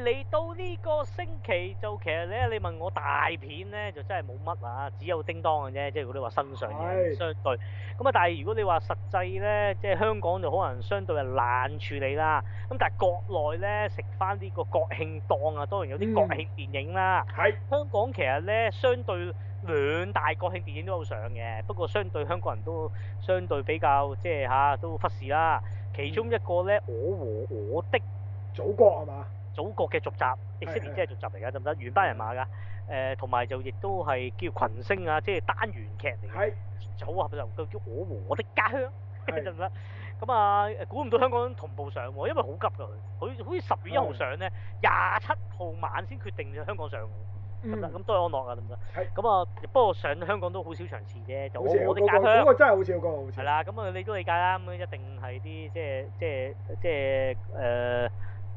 嚟到呢個星期就其實咧，你問我大片咧就真係冇乜啊，只有叮當嘅啫。即係如果你話身上嘅是相對咁啊，但係如果你話實際咧，即係香港就可能相對係難處理啦。咁但係國內咧食翻呢個國慶檔啊，當然有啲國慶電影啦。係、嗯、香港其實咧，相對兩大國慶電影都好上嘅，不過相對香港人都相對比較即係嚇都忽視啦。其中一個咧、嗯，我和我的祖國係嘛？祖國嘅續集，以色列即係續集嚟噶，得唔得？原班人馬噶，誒、呃，同埋就亦都係叫群星啊，即係單元劇嚟嘅，是是組合就叫我和我的家鄉，得唔得？咁、嗯、啊，估唔到香港同步上喎，因為好急㗎佢，好似十月一號上咧，廿七號晚先決定咗香港上，得唔得？咁都係安樂啊，得唔得？咁啊是、嗯，不過上香港都好少場次啫，我和我的家鄉。不過真係好少個，好似。係啦，咁啊，你都理解啦，咁一定係啲即係即係即係誒。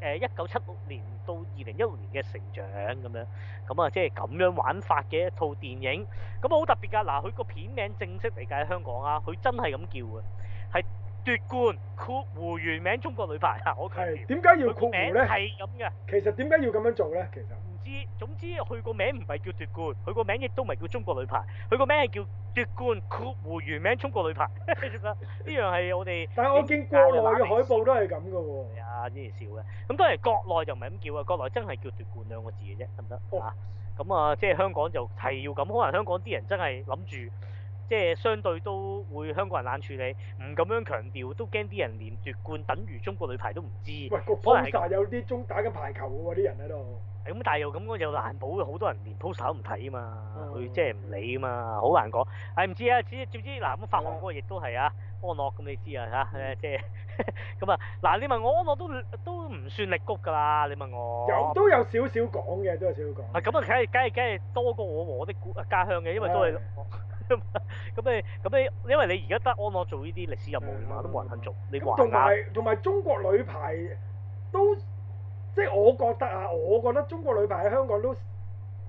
誒一九七六年到二零一六年嘅成長咁樣，咁啊即係咁樣玩法嘅一套電影，咁啊好特別㗎。嗱，佢個片名正式嚟講喺香港啊，佢真係咁叫嘅，係奪冠括弧原名中國女排啊，我強調。點解要括弧咧？係咁嘅。其實點解要咁樣做咧？其實。總之佢個名唔係叫奪冠，佢個名亦都唔係叫中國女排，佢個名係叫奪冠括弧原名中國女排。呢樣係我哋，但係我見 國內嘅海報都係咁噶喎。係啊，呢笑嘅。咁當然國內就唔係咁叫啊，國內真係叫奪冠兩個字嘅啫，得唔得？吓、哦，咁啊，即係香港就係要咁，可能香港啲人真係諗住，即係相對都會香港人冷處理，唔咁樣強調，都驚啲人連奪冠等於中國女排都唔知。喂，國內有啲中打緊排球喎，啲人喺度。咁但係又咁，又難保好多人連 post 都唔睇啊嘛，佢即係唔理啊嘛，好難講。係唔知啊，知，總之嗱咁法國嗰個亦都係啊，安樂咁你知啊嚇，誒即係咁啊嗱，你問我安樂都都唔算力谷㗎啦，你問我。有都有少少講嘅，都有少少講。啊咁啊，梗係梗係梗係多過我和我的故家鄉嘅，因為都係咁咁你咁你，因為你而家得安樂做呢啲歷史任務，連埋都冇人肯做，你話係咪啊？咁同埋同埋中國女排都。即係我覺得啊，我覺得中國女排喺香港都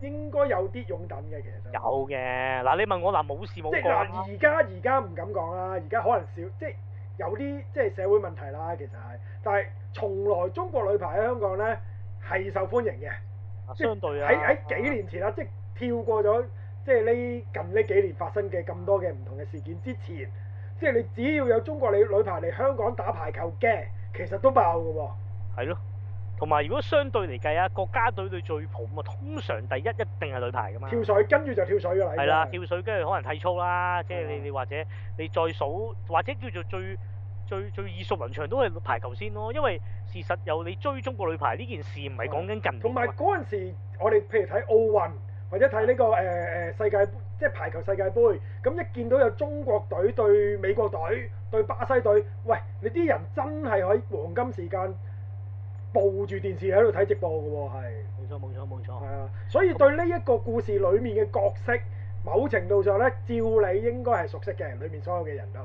應該有啲擁躉嘅。其實有嘅嗱，你問我嗱冇事冇事。即係嗱，而家而家唔敢講啦。而家可能少即係有啲即係社會問題啦。其實係，但係從來中國女排喺香港咧係受歡迎嘅。相對喺喺幾年前啊吧，即係跳過咗即係呢近呢幾年發生嘅咁多嘅唔同嘅事件之前，即係你只要有中國你女排嚟香港打排球嘅，其實都爆㗎喎。係咯。同埋如果相對嚟計啊，國家隊對最普啊，通常第一一定係女排㗎嘛。跳水跟住就跳水啦，係啦的。跳水跟住可能體操啦，嗯、即係你你或者你再數，或者叫做最最最耳熟能詳都係排球先咯。因為事實有你追中國女排呢件事唔係講緊近年。同埋嗰陣時，我哋譬如睇奧運或者睇呢、呢個誒誒、呃、世界即係排球世界盃，咁一見到有中國隊對美國隊對巴西隊，喂，你啲人真係喺黃金時間。抱住電視喺度睇直播嘅喎，係。冇錯冇錯冇錯。係啊，所以對呢一個故事裡面嘅角色，某程度上咧，照理應該係熟悉嘅人，裡面所有嘅人都。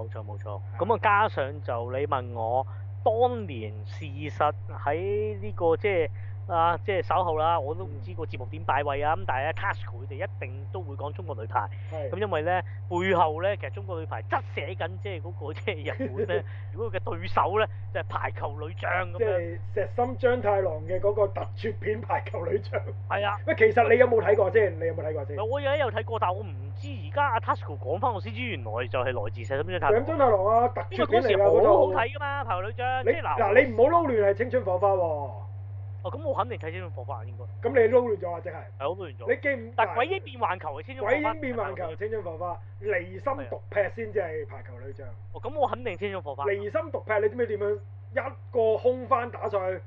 冇錯冇錯。咁啊，加上就你問我，當年事實喺呢個即係。就是啊，即係稍後啦，我都唔知個節目點擺位啊咁，嗯、但係是咧，Tasuku 佢哋一定都會講中國女排，咁是的 因為咧背後咧，其實中國女排則寫緊即係嗰個即係、就是、日本咧， 如果佢嘅對手咧就係、是、排球女將咁即係石森章太郎嘅嗰個特撮片《排球女將》女將。係啊的。喂，其實你有冇睇過先？的你有冇睇過先？我而家有睇過，但係我唔知而家阿 Tasuku 講返我先知，原來就係來自石森章太郎。章太郎啊，特撮片嚟㗎嗰套。好好睇㗎嘛，《排球女將》你。即呃、你嗱你唔好撈亂係《青春火花啊》喎。咁我肯定睇《青春火花》應該。咁你撈亂咗啊？定係？係撈亂咗。你記唔得？但鬼影變幻球，鬼影變幻球，青春火花離心獨劈先至係排球女將。哦，咁我肯定《青春火花》。離心獨劈你知唔知點樣？一個空翻打上去，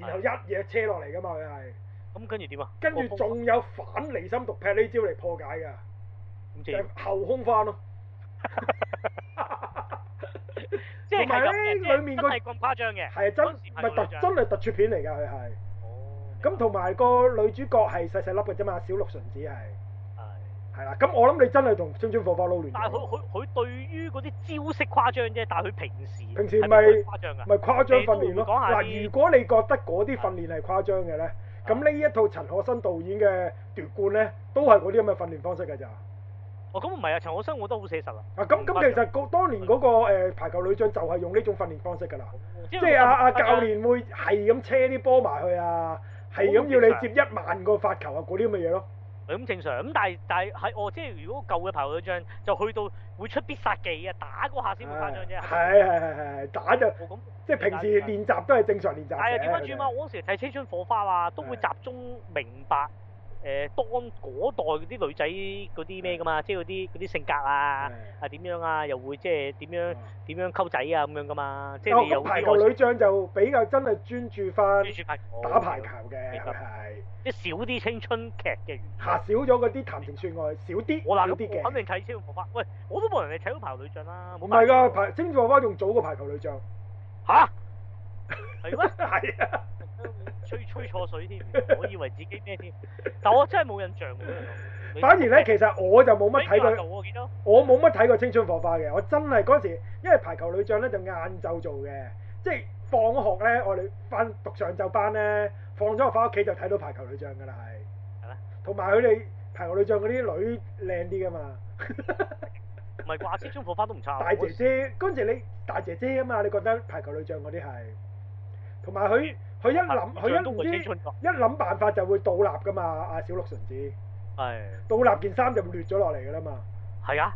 然後一嘢車落嚟㗎嘛，佢係。咁跟住點啊？跟住仲有反離心獨劈呢招嚟破解㗎。後空翻咯。即係咁嘅。係咁誇張嘅。係真唔係特真係特撮片嚟㗎，佢係。咁同埋個女主角係細細粒嘅啫嘛，小鹿純子係係係啦。咁的我諗你真係同《青春火花》撈亂咗，但係佢佢佢對於嗰啲招式誇張啫，但係佢平時平時唔係誇張㗎，唔係誇張訓練咯。嗱，如果你覺得嗰啲訓練係誇張嘅咧，咁呢的一套陳可辛導演嘅奪冠咧，都係嗰啲咁嘅訓練方式㗎咋。哦，咁唔係啊，陳可辛我覺得好寫實啊。啊，咁咁其實嗰當年嗰個排球女將就係用呢種訓練方式㗎啦，即係阿阿教練會係咁車啲波埋去啊。係咁要你接一萬個發球啊！嗰啲咁嘅嘢咯，係咁正常。咁但係但係喺哦，即係如果舊嘅排球女將就去到會出必殺技啊，打嗰下先會發招啫。係係係係，的的打就咁，說即係平時練習都係正常練習。但係點解轉啊？們我嗰時睇青春火花啊，都會集中明白。誒當嗰代嗰啲女仔嗰啲咩噶嘛，即係嗰啲啲性格啊，啊點樣啊，又會即係點樣點樣溝仔啊咁樣噶嘛，即係排球女將就比較真係專注翻打排球嘅，佢即係少啲青春劇嘅元素。少咗嗰啲談情説愛，少啲我諗啲嘅。肯定睇《青春火花》。喂，我都冇人哋睇到《排球女將》啦，冇排。唔係㗎，《排青春火花》仲早過《排球女將》。吓？係咩？係啊。吹吹錯水添，我以為自己咩添，但我真係冇印象喎。反而咧，其實我就冇乜睇過。我冇乜睇過《青春火花》嘅，我真係嗰陣時，因為排球女將咧就晏晝做嘅，即係放學咧我哋瞓讀上晝班咧，放咗我翻屋企就睇到排球女將㗎啦，係。係咩？同埋佢哋排球女將嗰啲女靚啲㗎嘛。唔係，掛住《青春火花》都唔差。大姐姐，嗰陣時你大姐姐啊嘛，你覺得排球女將嗰啲係？同埋佢。佢一諗，佢一唔知一諗辦法就會倒立噶嘛，阿小鹿純子。係。倒立件衫就會裂咗落嚟噶啦嘛。係啊。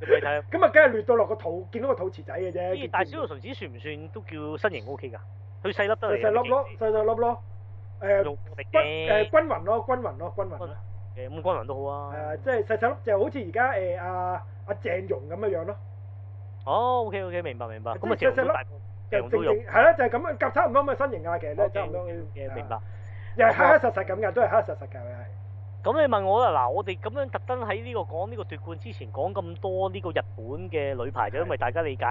你睇。咁啊，梗係裂到落個肚，見到個肚臍仔嘅啫。但係小鹿純子算唔算都叫身形 O K 噶？佢細粒得嚟嘅。細粒咯，細細粒咯。誒。食嘅。誒，均勻咯，均勻咯，均勻。誒，咁均勻都好啊。係啊，即係細細粒就好似而家誒阿阿鄭融咁嘅樣咯。哦，OK OK，明白明白。咁啊，成日好大。正正係咯，啊，就係、是、咁樣夾差唔多咁嘅身形啊，其實都差唔多嘅白、啊，明白。又係黑黑實實咁嘅，都係黑黑實實嘅，佢係、啊。咁你問我啦，嗱，我哋咁樣特登喺呢個講呢個奪冠之前講咁多呢個日本嘅女排就是的 因為大家理解，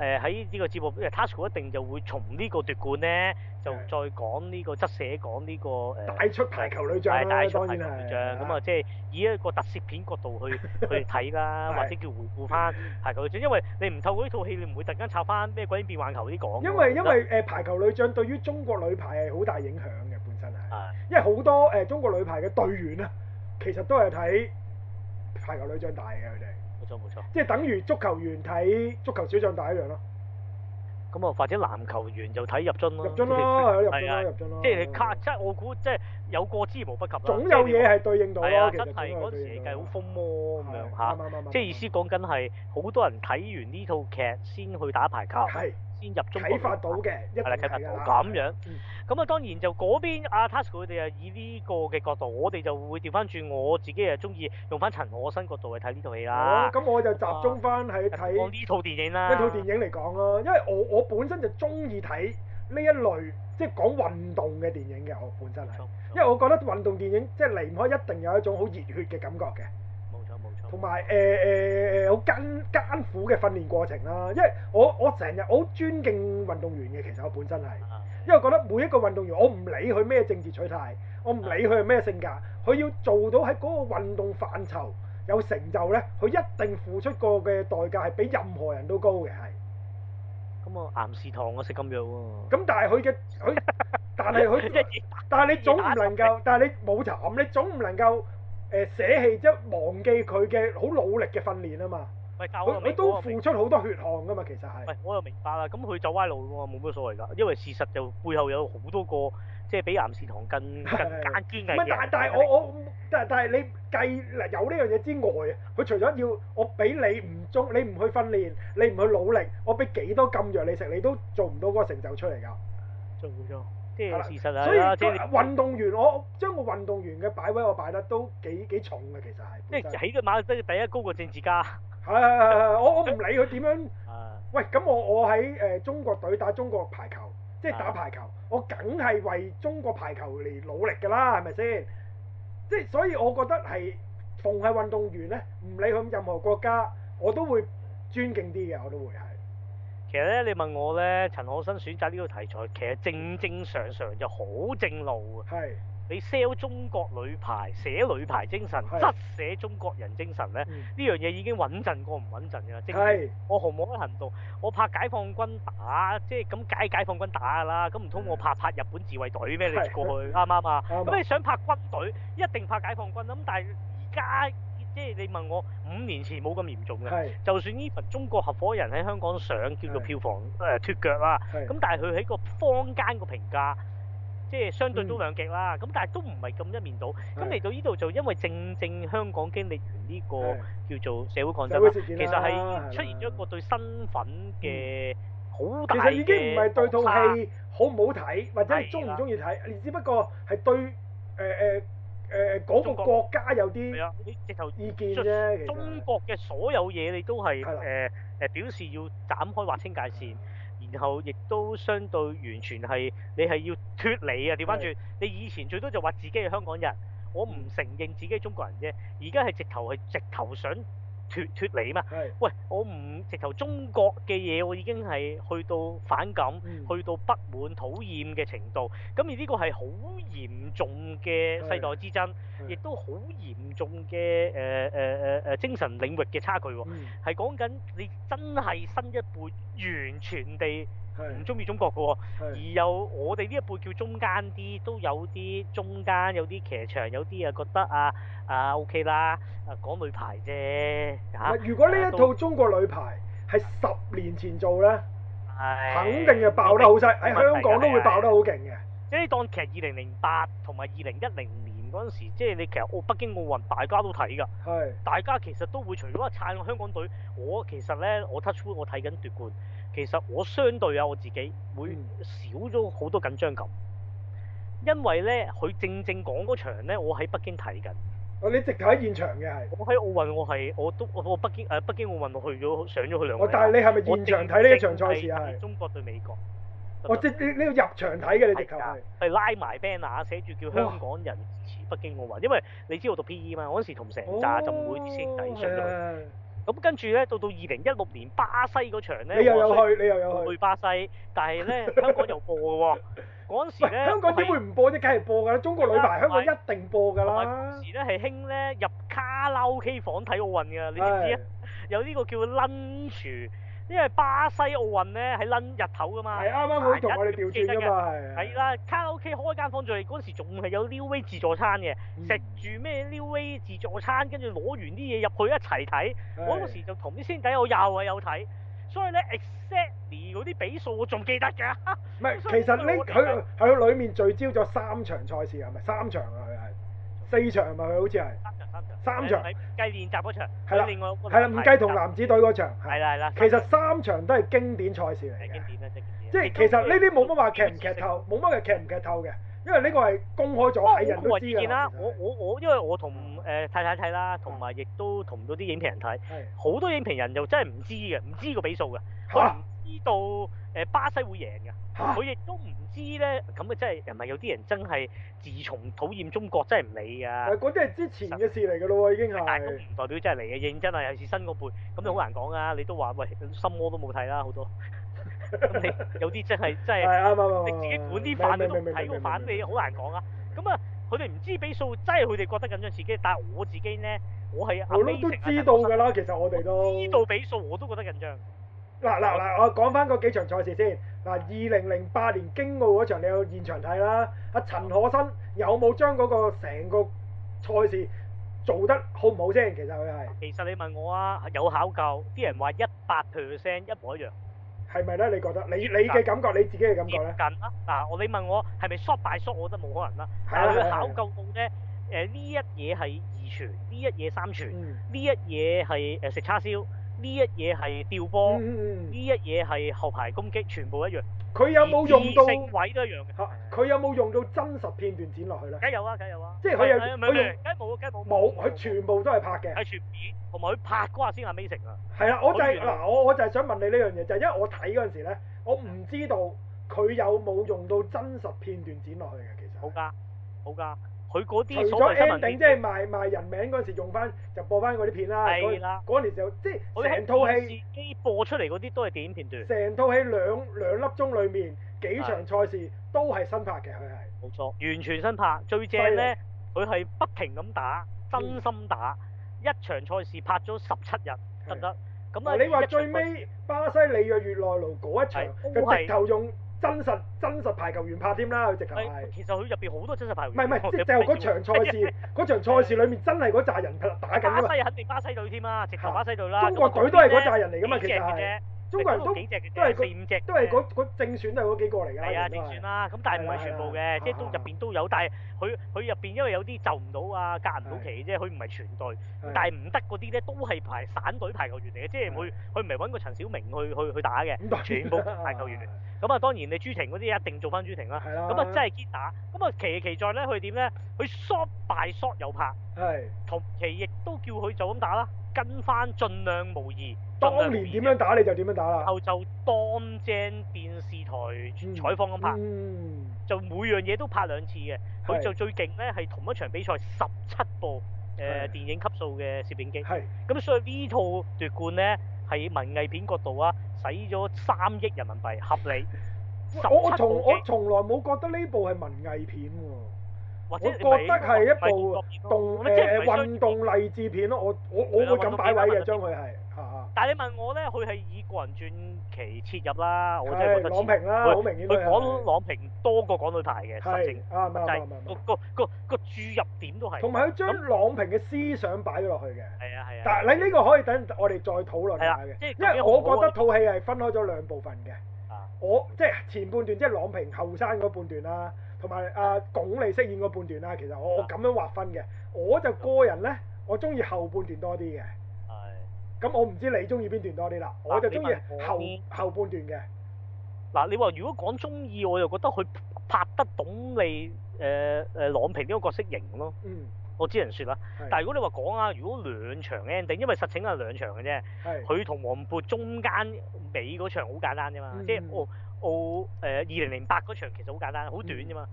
誒喺呢個節目，Tasuku 一定就會從呢個奪冠咧就再講呢、這個側寫講、這、呢個誒帶、呃、出排球女將啦，帶出排球女將咁啊，即係以一個特攝片角度去 去睇啦，或者叫回顧翻排球女將，因為你唔透過呢套戲，你唔會突然間插翻咩鬼變幻球啲講。因為因為誒排球女將對於中國女排係好大影響嘅。因為好多誒中國女排嘅隊員啊，其實都係睇排球女將大嘅佢哋。冇錯冇錯，即係等於足球員睇足球小將大一樣咯。咁啊，或者籃球員就睇入樽咯。入樽啦，入樽啦，入樽啦。即係你卡，即係我估，即係有過之無不及啦。總有嘢係對應到啊。係啊，真係嗰時嘅計好風魔咁樣嚇。即係意思講緊係，好多人睇完呢套劇先去打排球。係。先入中啟發到嘅，係啦，啟發到咁樣。咁啊，當然就嗰邊阿 Tasuku 佢哋啊，以呢個嘅角度，我哋就會調翻轉我自己啊，中意用翻陳可辛角度去睇呢套戲啦。咁、哦、我就集中翻去睇呢套電影啦，呢套電影嚟講咯，因為我我本身就中意睇呢一類即係、就是、講運動嘅電影嘅，我本身係，嗯嗯、因為我覺得運動電影即係離唔開一定有一種好熱血嘅感覺嘅。同埋誒誒誒好艱艱苦嘅訓練過程啦，因為我我成日我好尊敬運動員嘅，其實我本身係，因為我覺得每一個運動員，我唔理佢咩政治取態，我唔理佢係咩性格，佢要做到喺嗰個運動範疇有成就咧，佢一定付出過嘅代價係比任何人都高嘅，係。咁啊，岩士唐我食禁藥喎。咁但係佢嘅佢，但係佢，但係你總唔能夠，但係你冇慘，你總唔能夠。誒捨棄即係忘記佢嘅好努力嘅訓練啊嘛，佢佢都付出好多血汗噶嘛，其實係。喂，我又明白啦。咁佢走歪路喎，冇乜所謂㗎。因為事實就背後有好多個，即係比岩善堂更更艱鉆嘅嘢。唔係，但係我我，但係但係你計嗱，有呢樣嘢之外，佢除咗要我俾你唔鍾，你唔去訓練，你唔去努力，我俾幾多禁藥你食，你都做唔到個成就出嚟㗎。正唔正？即係事實啊！所以即係運動員，我將個運動員嘅擺位我擺得都幾幾重嘅，其實係。即係喺個馬來第一高過政治家。係係係係，我我唔理佢點樣。喂，咁我我喺誒、呃、中國隊打中國排球，即係打排球，啊、我梗係為中國排球嚟努力㗎啦，係咪先？即係所以，我覺得係凡係運動員咧，唔理佢任何國家，我都會尊敬啲嘅，我都會係。其實咧，你問我咧，陳可辛選擇呢個題材，其實正正常常就好正路啊。係是你 sell 中國女排，寫女排精神，質寫是中國人精神咧，呢、嗯、樣嘢已經穩陣過唔穩陣噶啦。係、就是、是我毫無行動，我拍解放軍打，即係咁解解放軍打噶啦，咁唔通我拍拍日本自衛隊咩？你過去啱唔啱啊？咁你想拍軍隊，一定拍解放軍啦。咁但係而家。即係你問我五年前冇咁嚴重嘅，就算呢份中國合夥人喺香港上叫做票房誒脱腳啦，咁但係佢喺個坊間個評價，即係相對都兩極啦，咁但係都唔係咁一面倒。咁嚟到呢度就因為正正香港經歷完呢個叫做社會抗爭，其實係出現咗一個對身份嘅好大嘅其實已經唔係對套戲好唔好睇，或者中唔中意睇，只不過係對誒誒。誒嗰個國家有啲，係啊，你直頭意見啫。中國嘅所有嘢你都係誒誒表示要斬開、劃清界線，然後亦都相對完全係你係要脱離啊！調翻轉，的你以前最多就話自己係香港人，我唔承認自己係中國人啫。而家係直頭係直頭想。脱脱離嘛，的喂，我唔直頭中國嘅嘢，我已經係去到反感、嗯、去到不滿、討厭嘅程度。咁而呢個係好嚴重嘅世代之爭，亦的都好嚴重嘅誒誒誒誒精神領域嘅差距，啊，係講緊你真係新一輩完全地。唔中意中國嘅喎，而有我哋呢一輩叫中間啲，都有啲中間，有啲騎牆，有啲啊覺得啊啊 O K 啦，啊港女排啫。嗱，如果呢一套中國女排係十年前做咧，係肯定係爆得好犀，喺香港都會爆得好勁嘅。即係當其實二零零八同埋二零一零。嗰陣時，即係你其實奧北京奧運大家都睇㗎，係是大家其實都會除咗一撐香港隊，我其實咧我 touch wood 我睇緊奪冠，其實我相對啊我自己會少咗好多緊張感，因為咧佢正正講嗰場咧，我喺北京睇緊，啊、哦、你直頭喺現場嘅係，我喺奧運我係我都我北京誒北京奧運我去咗上咗去兩個，我但係你係咪現場睇呢一場賽事啊？正正中國對美國，我即、哦、你你要入場睇嘅你直頭係，係拉埋 banner 寫住叫香港人。北京奧運，因為你知道我讀 PE 嘛，哦、我嗰時同成扎就唔會先抵上。咁跟住咧，到到二零一六年巴西嗰場咧，你又有去，你又有去。去巴西，但係咧，香港又播嘅喎。嗰 時咧，香港點會唔播啫？梗係播㗎啦！中國女排，的香港一定播㗎啦。嗰陣時咧係興咧入卡拉 OK 房睇奧運㗎，你知唔知啊？的有呢個叫 lunch。因為巴西奧運咧係撚日頭噶嘛，係啱啱好同我哋調轉噶嘛，係的。係啦的，卡拉 OK 開間房住，嗰時仲係有 Neway 自助餐嘅，食住咩 Neway 自助餐，跟住攞完啲嘢入去一齊睇的。我嗰時就同啲先仔我又係有睇，所以咧 exactly 嗰啲比數我仲記得嘅。唔係，其實呢佢喺裏面聚焦咗三場賽事係咪？三場啊。四場係咪？佢好似係三場，三場計練習嗰場係啦，另外係啦，唔計同男子隊嗰場係啦，係啦。其實三場都係經典賽事嚟，係經典，即係其實呢啲冇乜話劇唔劇透，冇乜係劇唔劇透嘅。因為呢個係公開咗，係人都知見啦，我我我因為我同誒太太睇啦，同埋亦都同到啲影評人睇，好多影評人又真係唔知嘅，唔知個比數嘅。知道誒巴西會贏嘅，佢亦都唔知咧，咁啊真係，唔係有啲人真係自從討厭中國真係唔理啊。嗰啲係之前嘅事嚟嘅咯已經係。但唔代表真係嚟嘅，認真啊，尤其是新嗰輩，咁就好難講啊。你都話喂，心魔都冇睇啦，好多。咁 你有啲真係 真係，哎嗯、你自己管啲反你都唔睇嗰反，你好難講啊。咁啊，佢哋唔知比數，真係佢哋覺得緊張自己。嗯、但係我自己咧，我係阿。我都知道㗎啦，其實我哋都我知道比數，我都覺得緊張。嗱嗱嗱，我講翻嗰幾場賽事先。嗱，二零零八年京奧嗰場你有現場睇啦。阿陳可辛有冇將嗰個成個賽事做得好唔好先？其實佢係其實你問我啊，有考究。啲人話一百 percent 一模一樣，係咪咧？你覺得？你你嘅感覺，你自己嘅感覺咧？接近啊！嗱，你問我係咪 shot by shot，我覺得冇可能啦。是的 但係佢考究到咧，誒呢一嘢係二傳，呢一嘢三傳，呢、嗯、一嘢係誒食叉燒。呢一嘢係吊波，呢、嗯、一嘢係後排攻擊，全部一樣。佢有冇用到位都一樣嘅？佢、啊、有冇用到真實片段剪落去咧？梗有啊，梗有啊。即係佢有冇梗冇，梗冇、哎。冇用，佢全部都係拍嘅。係全片，同埋佢拍嗰下先係美成啊。係啦，我就係、是、嗱，我我就係想問你呢樣嘢，就係、是、因為我睇嗰陣時咧，我唔知道佢有冇用到真實片段剪落去嘅，其實。冇㗎，冇㗎。佢嗰啲所謂新片 ending 即係賣賣人名嗰陣時用翻，就播翻嗰啲片啦。係啦，嗰年就即係成套戲播出嚟嗰啲都係電影片段。成套戲兩兩粒鐘裏面幾場賽事都係新拍嘅，佢係。冇錯，完全新拍。最正咧，佢係不停咁打，真心打。一場賽事拍咗十七日得唔得？咁啊，你話最尾巴西里約熱內盧嗰一場佢直頭用，真實真實排球員怕添啦，佢直頭係。其實佢入邊好多真實排球員。唔係唔係，即係是是就嗰場賽事，嗰 場賽事裡面真係嗰扎人打緊啊嘛。巴西肯定巴西隊添啦，直頭巴西隊啦。中國隊都係嗰扎人嚟噶嘛，其實係。都幾隻，都係四五隻，都係嗰正選就嗰幾個嚟嘅，係啊，正選啦。咁但係唔係全部嘅，即係都入邊都有。但係佢佢入邊因為有啲就唔到啊，隔唔到期嘅啫。佢唔係全隊，但係唔得嗰啲咧都係排散隊排球員嚟嘅。即係佢佢唔係搵個陳小明去去去打嘅，全部排球員。咁啊，當然你朱婷嗰啲一定做返朱婷啦。咁啊，真係堅打。咁啊，其其在咧，佢點咧？佢 shot by shot 有拍。係。同期亦都叫佢就咁打啦。跟翻，盡量無疑。當年點樣打你就點樣打啦。然後就當正電視台採訪咁拍，嗯嗯、就每樣嘢都拍兩次嘅。佢是就最勁呢係同一場比賽十七部誒、呃、是電影級數嘅攝影機。係是。咁所以呢套奪冠呢，喺文藝片角度啊，使咗三億人民幣，合理。我我從我從來冇覺得呢部係文藝片喎。我覺得係一部動誒運動勵志片咯，我我我會咁擺位嘅，將佢係嚇。但係你問我咧，佢係以個人傳奇切入啦，我真係覺得。係郎平啦，好明顯係。佢講郎平多過講女排嘅，實情。係啊，冇問題。個個個注入點都係。同埋佢將郎平嘅思想擺咗落去嘅。係啊係啊。嗱，你呢個可以等我哋再討論下嘅。因為我覺得套戲係分開咗兩部分嘅。我即係前半段，即係郎平後生嗰半段啦。同埋啊，鞏俐飾演個半段啦，其實我咁、啊、樣劃分嘅，我就個人咧，我中意後半段多啲嘅。係是。咁、嗯、我唔知你中意邊段多啲啦。我就中意後、啊、後半段嘅。嗱、啊，你話如果講中意，我就覺得佢拍得懂你誒誒郎平呢個角色型咯。嗯。我只能説啦。是但係如果你話講啊，如果兩場 ending，因為實情係兩場嘅啫。佢同黃渤中間比嗰場好簡單啫嘛，嗯嗯、即係我。哦澳誒二零零八嗰場其實好簡單，好短啫嘛。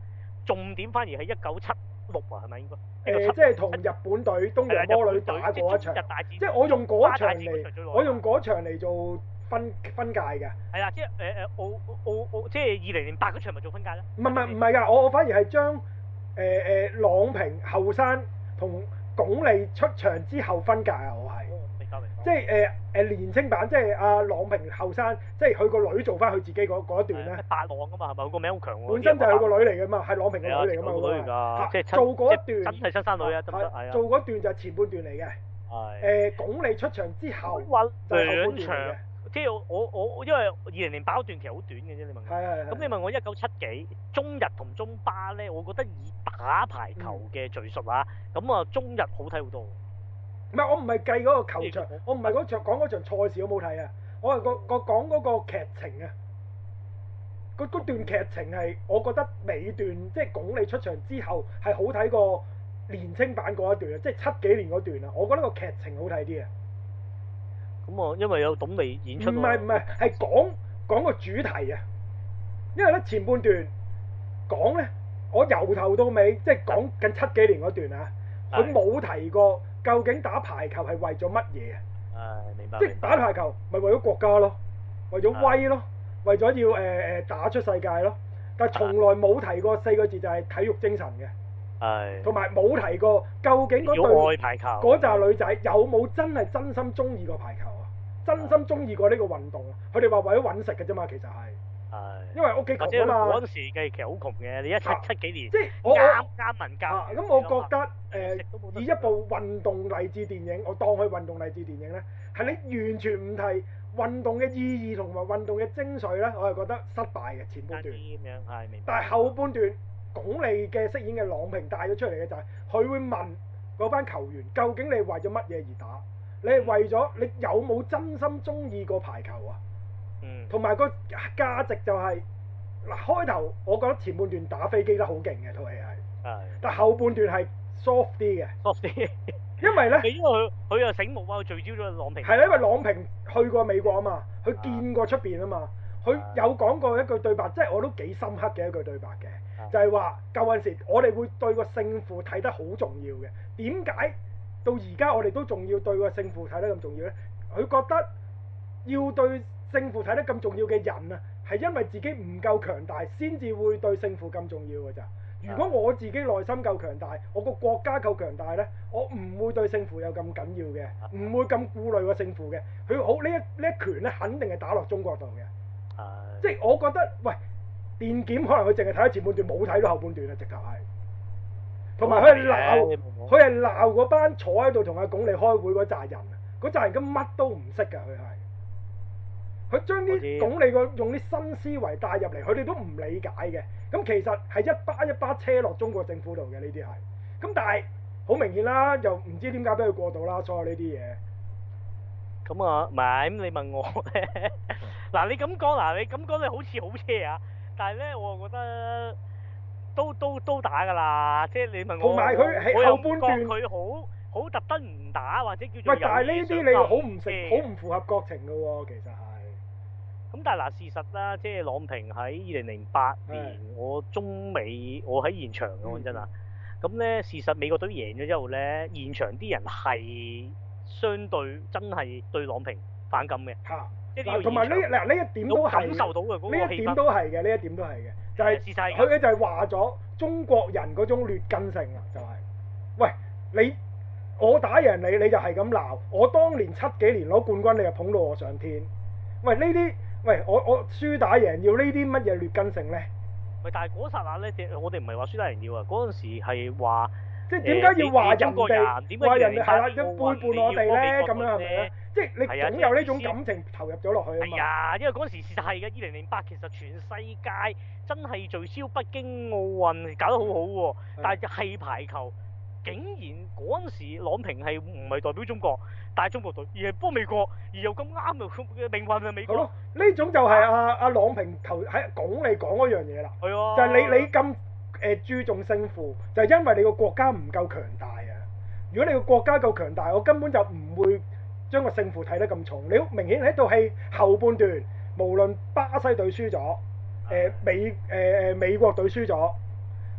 重點反而係一九七六啊，係咪應該？誒，即係同日本隊、東洋魔女隊打過一場，即係我用嗰場嚟，我用嗰場嚟做分分界嘅。係啊，即係誒誒澳澳澳，即係二零零八嗰場咪做分界咧？唔係唔係唔係㗎，我我反而係將誒誒郎平後生同鞏俐出場之後分界啊，我係。即係誒誒年青版，即係阿郎平後生，即係佢個女做翻佢自己嗰一段咧。八郎噶嘛，係咪？佢個名好強喎。本身就係佢個女嚟噶嘛，係郎平個女嚟噶嘛，個女嚟噶。吓，做嗰一段，真係親生女啊！做嗰段就前半段嚟嘅。係。誒，鞏俐出場之後就係後半段嚟嘅。哇，好短嘅。即係我我因為二零年拍嗰段其實好短嘅啫，你問我。係係。咁你問我一九七幾中日同中巴咧？我覺得以打排球嘅敘述吓，咁啊中日好睇好多。唔係，我唔係計嗰個球場，場我唔係嗰場講嗰場賽事，我冇睇啊！我係個我講嗰個劇情啊，嗰段劇情係我覺得尾段即係鞏俐出場之後係好睇過年青版嗰一段啊，即係七幾年嗰段啊，我覺得個劇情好睇啲啊！咁啊，因為有董你演出，唔係唔係，係講講個主題啊！因為咧前半段講咧，我由頭到尾即係講近七幾年嗰段啊，對。佢冇提過。究竟打排球係為咗乜嘢啊？明白。即係打排球，咪、就是、為咗國家咯，為咗威咯，啊、為咗要誒誒、呃、打出世界咯。但係從來冇提過四個字就係體育精神嘅。係、啊。同埋冇提過究竟嗰隊嗰扎女仔有冇真係真心中意過排球啊？真心中意過呢個運動啊？佢哋話為咗揾食嘅啫嘛，其實係。係，因為屋企窮啊嘛。或者嗰陣時嘅其實好窮嘅，你一七七幾年。啊、即係我我啱啱文教，咁、嗯嗯、我覺得誒以一部運動勵志電影，我當佢運動勵志電影咧，係你完全唔提運動嘅意義同埋運動嘅精髓咧，我係覺得失敗嘅前半段。但係後半段，鞏俐嘅飾演嘅郎平帶咗出嚟嘅就係、是，佢會問嗰班球員，究竟你係為咗乜嘢而打？你係為咗、嗯、你有冇真心中意過排球啊？同埋個價值就係嗱開頭，我覺得前半段打飛機得好勁嘅套戲係，但後半段係 soft 啲嘅，soft 啲，因為咧，因為佢佢又醒目啊，佢聚焦咗郎平，係啦，因為郎平去過美國啊嘛，佢見過出邊啊嘛，佢有講過一句對白，即係我都幾深刻嘅一句對白嘅，就係話舊陣時我哋會對個勝負睇得好重要嘅，點解到而家我哋都仲要對個勝負睇得咁重要咧？佢覺得要對。勝負睇得咁重要嘅人啊，係因為自己唔夠強大，先至會對勝負咁重要噶咋？如果我自己內心夠強大，我個國家夠強大咧，我唔會對勝負有咁緊要嘅，唔會咁顧慮個勝負嘅。佢好呢一呢一拳咧，肯定係打落中國度嘅。Uh、即係我覺得，喂，電檢可能佢淨係睇咗前半段，冇睇到後半段啊！直頭係，同埋佢係鬧，佢係鬧班坐喺度同阿鞏俐開會嗰扎人，嗰扎人根本乜都唔識噶，佢係。佢將啲拱你個用啲新思維帶入嚟，佢哋都唔理解嘅。咁其實係一巴一巴車落中國政府度嘅呢啲係。咁但係好明顯啦，又唔知點解俾佢過度啦，所有呢啲嘢。咁啊，唔係咁你問我咧。嗱你咁講嗱，你咁講你好似好車啊，但係咧我覺得都都都打㗎啦。即係你問我，我有判斷佢好好特登唔打或者叫做有啲想收。喂，但係呢啲你好唔成好唔符合國情㗎喎，其實係。咁但係嗱事實啦，即係郎平喺二零零八年，的我中美我喺現場嘅講、嗯、真啊，咁咧事實美國隊贏咗之後咧，現場啲人係相對真係對郎平反感嘅。嚇的，嗱同埋呢嗱呢一點都感受到嘅，呢、那個、一點都係嘅，呢一點都係嘅，就係佢嘅就係話咗中國人嗰種劣根性啦，就係、是、喂你我打贏你，你就係咁鬧，我當年七幾年攞冠軍，你又捧到我上天，喂呢啲。喂，我我輸打贏要呢啲乜嘢劣根性咧？喂，但係嗰剎那咧，我哋唔係話輸打贏要啊，嗰陣時係話，即係點解要話人哋，點解、呃、人係啦，要背叛我哋咧？咁樣係咪咧？即係你總有呢種感情投入咗落去啊嘛？係啊，因為嗰陣時事實係嘅，二零零八其實全世界真係聚焦北京奧運，搞得好好、啊、喎的，但係係排球。竟然嗰陣時，郎平係唔係代表中國，但係中國隊而係幫美國，而又咁啱又嘅命運去美國。呢種就係阿阿郎平頭喺講你講嗰樣嘢啦，就係你你咁誒注重勝負，就係因為你個國家唔夠強大啊！如果你個國家夠強大，我根本就唔會將個勝負睇得咁重。你好明顯喺套戲後半段，無論巴西隊輸咗，誒美誒誒美國隊輸咗，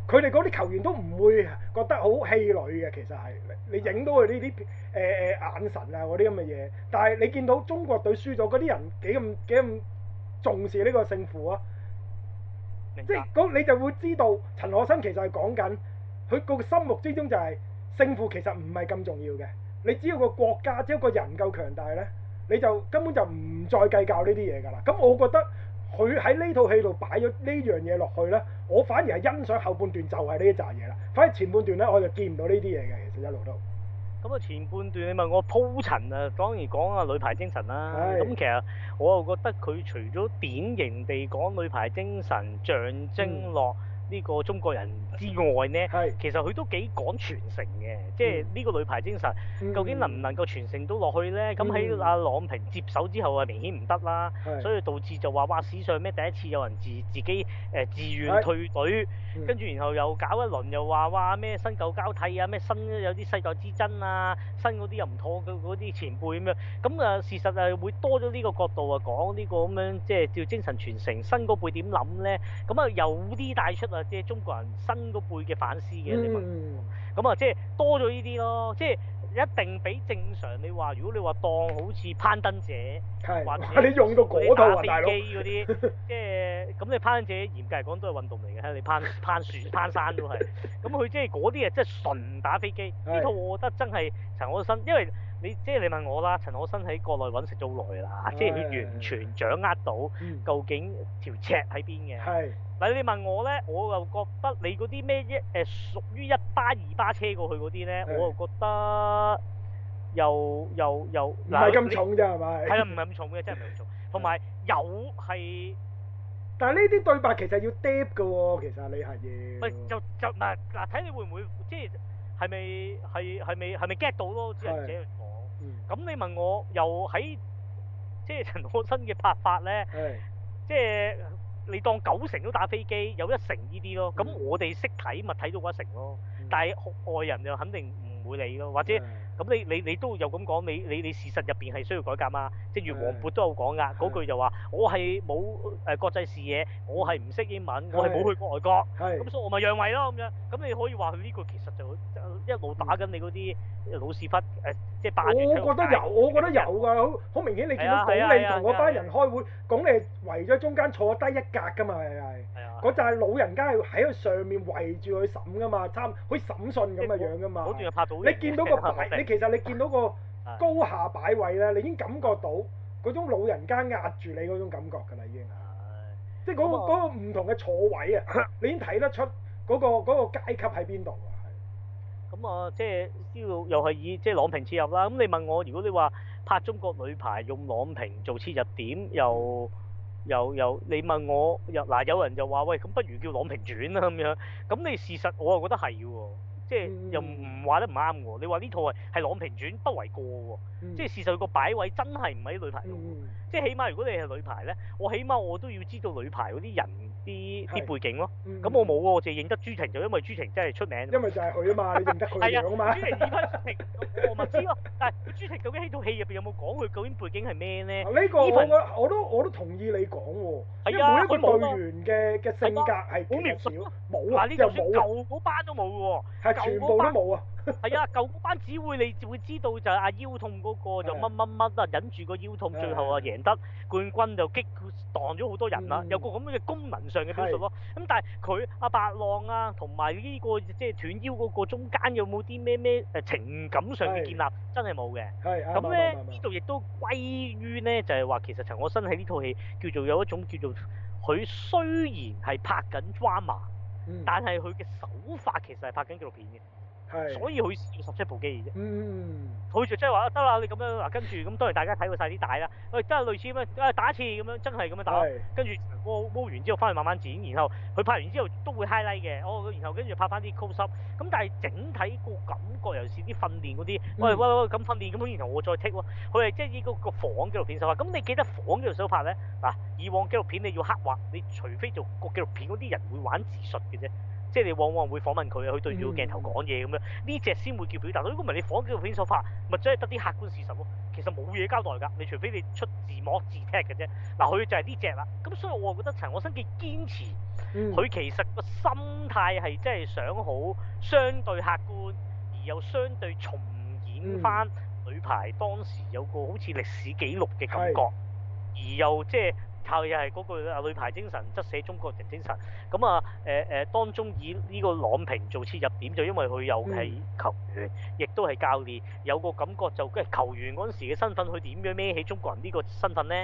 佢哋嗰啲球員都唔會覺得好氣餒嘅，其實係你影到佢呢啲誒誒眼神啊嗰啲咁嘅嘢。但係你見到中國隊輸咗，嗰啲人幾咁幾咁重視呢個勝負啊？即係咁，你就會知道陳可辛其實係講緊佢個心目之中就係勝負其實唔係咁重要嘅。你只要個國家，只要個人夠強大咧，你就根本就唔再計較呢啲嘢㗎啦。咁我覺得。佢喺呢套戲度擺咗呢樣嘢落去呢，我反而係欣賞後半段就係呢一紮嘢啦。反而前半段呢，我就見唔到呢啲嘢嘅，其實一路都。咁啊，前半段你問我鋪陳啊，當然講啊女排精神啦。咁是其實我又覺得佢除咗典型地講女排精神，象徵落，嗯呢個中國人之外咧，其實佢都幾講傳承嘅，即係呢個女排精神，究竟能唔能夠傳承到落去咧？咁喺阿郎平接手之後啊，明顯唔得啦，所以導致就話哇史上咩第一次有人自自己誒自願退隊，跟住然後又搞一輪又話哇咩新舊交替啊，咩新有啲世界之爭啊，新嗰啲又唔妥嘅嗰啲前輩咁樣，咁啊事實係會多咗呢個角度啊講呢個咁樣即係叫精神傳承，新嗰輩點諗咧？咁啊有啲帶出啊。即係中國人新嗰輩嘅反思嘅，你咁啊，即係多咗呢啲咯，即係一定比正常你話，如果你話當好似攀登者，係是，哇者，你用到嗰套啊，大佬，嗰啲 即係咁你攀登者嚴格嚟講都係運動嚟嘅。係你攀攀樹、攀山都係，咁佢 即係嗰啲啊，即係純打飛機，呢是套我覺得真係陳可辛，因為。你即係你問我啦，陳可辛喺國內揾食做耐啦，即係佢完全掌握到究竟條尺喺邊嘅。係是，嗱你問我咧，我又覺得你嗰啲咩一誒屬於一巴二巴車過去嗰啲咧，是我又覺得又又又唔係咁重啫係咪？係啊你，唔係咁重嘅， 真係唔係咁重。同埋 有係，但係呢啲對白其實要 deep 嘅喎，其實你係要嘢。喂，就就嗱嗱睇你會唔會即係？係咪係係咪係咪 get 到咯？只能這樣講。咁你問我又喺即係陳可辛嘅拍法咧，是即係你當九成都打飛機，有一成呢啲咯。咁、嗯、我哋識睇咪睇到一成咯。嗯、但係外人就肯定唔會理咯。或者、嗯嗯咁你你你都有咁講，你你你事實入邊係需要改革嘛？正如黃渤都有講噶，嗰句就話：我係冇誒國際視野，我係唔識英文，我係冇去過外國，咁所以我咪讓位咯咁樣。咁你可以話佢呢個其實就一路打緊你嗰啲老屎忽誒，即係扮。我覺得有，我覺得有㗎，好好明顯。你見到鞏俐同嗰班人開會，鞏俐圍咗中間坐低一格㗎嘛？又嗰 就係老人家要喺個上面圍住佢審噶嘛，差好似審訊咁嘅樣噶嘛。嗰段拍到。你見到個擺，你其實你見到個高下擺位咧， 你已經感覺到嗰種老人家壓住你嗰種感覺㗎啦，已經。係的。即係嗰、嗰個唔麼同嘅坐位啊，麼 你已經睇得出嗰、嗰個嗰、嗰個階級喺邊度。咁啊、呃，即係呢度又係以即係郎平切入啦。咁你問我，如果你話拍中國女排用，用郎平做切入點 又？又又，你問我又嗱、呃，有人就話喂，咁不如叫轉《郎平傳》啦咁樣，咁你事實我啊覺得係喎。即係又唔話得唔啱喎，你話呢套係係《郎平傳》不為過喎，即係事實個擺位真係唔係女排喎，即係起碼如果你係女排咧，我起碼我都要知道女排嗰啲人啲啲背景咯，咁我冇喎，我淨係認得朱婷就因為朱婷真係出名，因為就係佢啊嘛，你認得佢啊朱婷我咪知咯，但係朱婷究竟喺套戲入邊有冇講佢究竟背景係咩咧？呢個我我我都我都同意你講喎，因為每一個隊員嘅嘅性格係幾唔同，冇啊，就算舊嗰班都冇嘅喎。全部都冇啊！ 係啊，舊嗰班只會你就會知道就係阿、啊、腰痛嗰個就乜乜乜啊，忍住個腰痛 最後啊贏得冠軍就激蕩咗好多人啦，嗯、有個咁樣嘅功能上嘅表述咯。咁、嗯、但係佢阿白浪啊同埋呢個即係斷腰嗰個中間有冇啲咩咩誒情感上嘅建立？嗯、真係冇嘅。係咁咧呢度亦都歸於咧就係話其實陳可辛喺呢套戲叫做有一種叫做佢雖然係拍緊 drama。但係佢嘅手法其實係拍緊紀錄片嘅。所以佢要十七部機嘅啫、嗯啊。嗯。佢就即係話：得啦，你咁樣，嗱，跟住咁，當然大家睇過晒啲帶啦。喂、哎，真係類似咁樣，啊，打一次咁樣，真係咁樣打，哎、跟住煲煲完之後翻去慢慢剪，然後佢拍完之後都會 highlight 嘅。哦，然後跟住拍翻啲 close up、嗯。咁但係整體個感覺尤其是啲訓練嗰啲，喂喂喂，咁、哎哎哎、訓練咁，然後我再 take 喎、嗯。佢係即係以、這個、這個仿紀錄片手法。咁、嗯、你記得仿紀錄片手法咧？嗱、啊，以往紀錄片你要黑畫，你除非做個紀錄片嗰啲人會玩自術嘅啫。即係你往往會訪問佢啊，佢對住個鏡頭講嘢咁樣，呢隻先會叫表達到。如果唔係你訪幾多片手法，咪真係得啲客觀事實咯。其實冇嘢交代㗎，你除非你出字幕字踢嘅啫。嗱，佢就係呢隻啦。咁所以我覺得陳可辛幾堅持，佢、嗯、其實個心態係真係想好相對客觀，而又相對重演翻女排當時有個好似歷史記錄嘅感覺，是而又即、就、係、是。又係嗰句啊，個女排精神則寫中國人精神。咁啊，誒、呃、誒、呃，當中以呢個郎平做切入點，就因為佢又係球員，亦都係教練，有個感覺就，即係球員嗰陣時嘅身份，佢點樣孭起中國人呢個身份呢？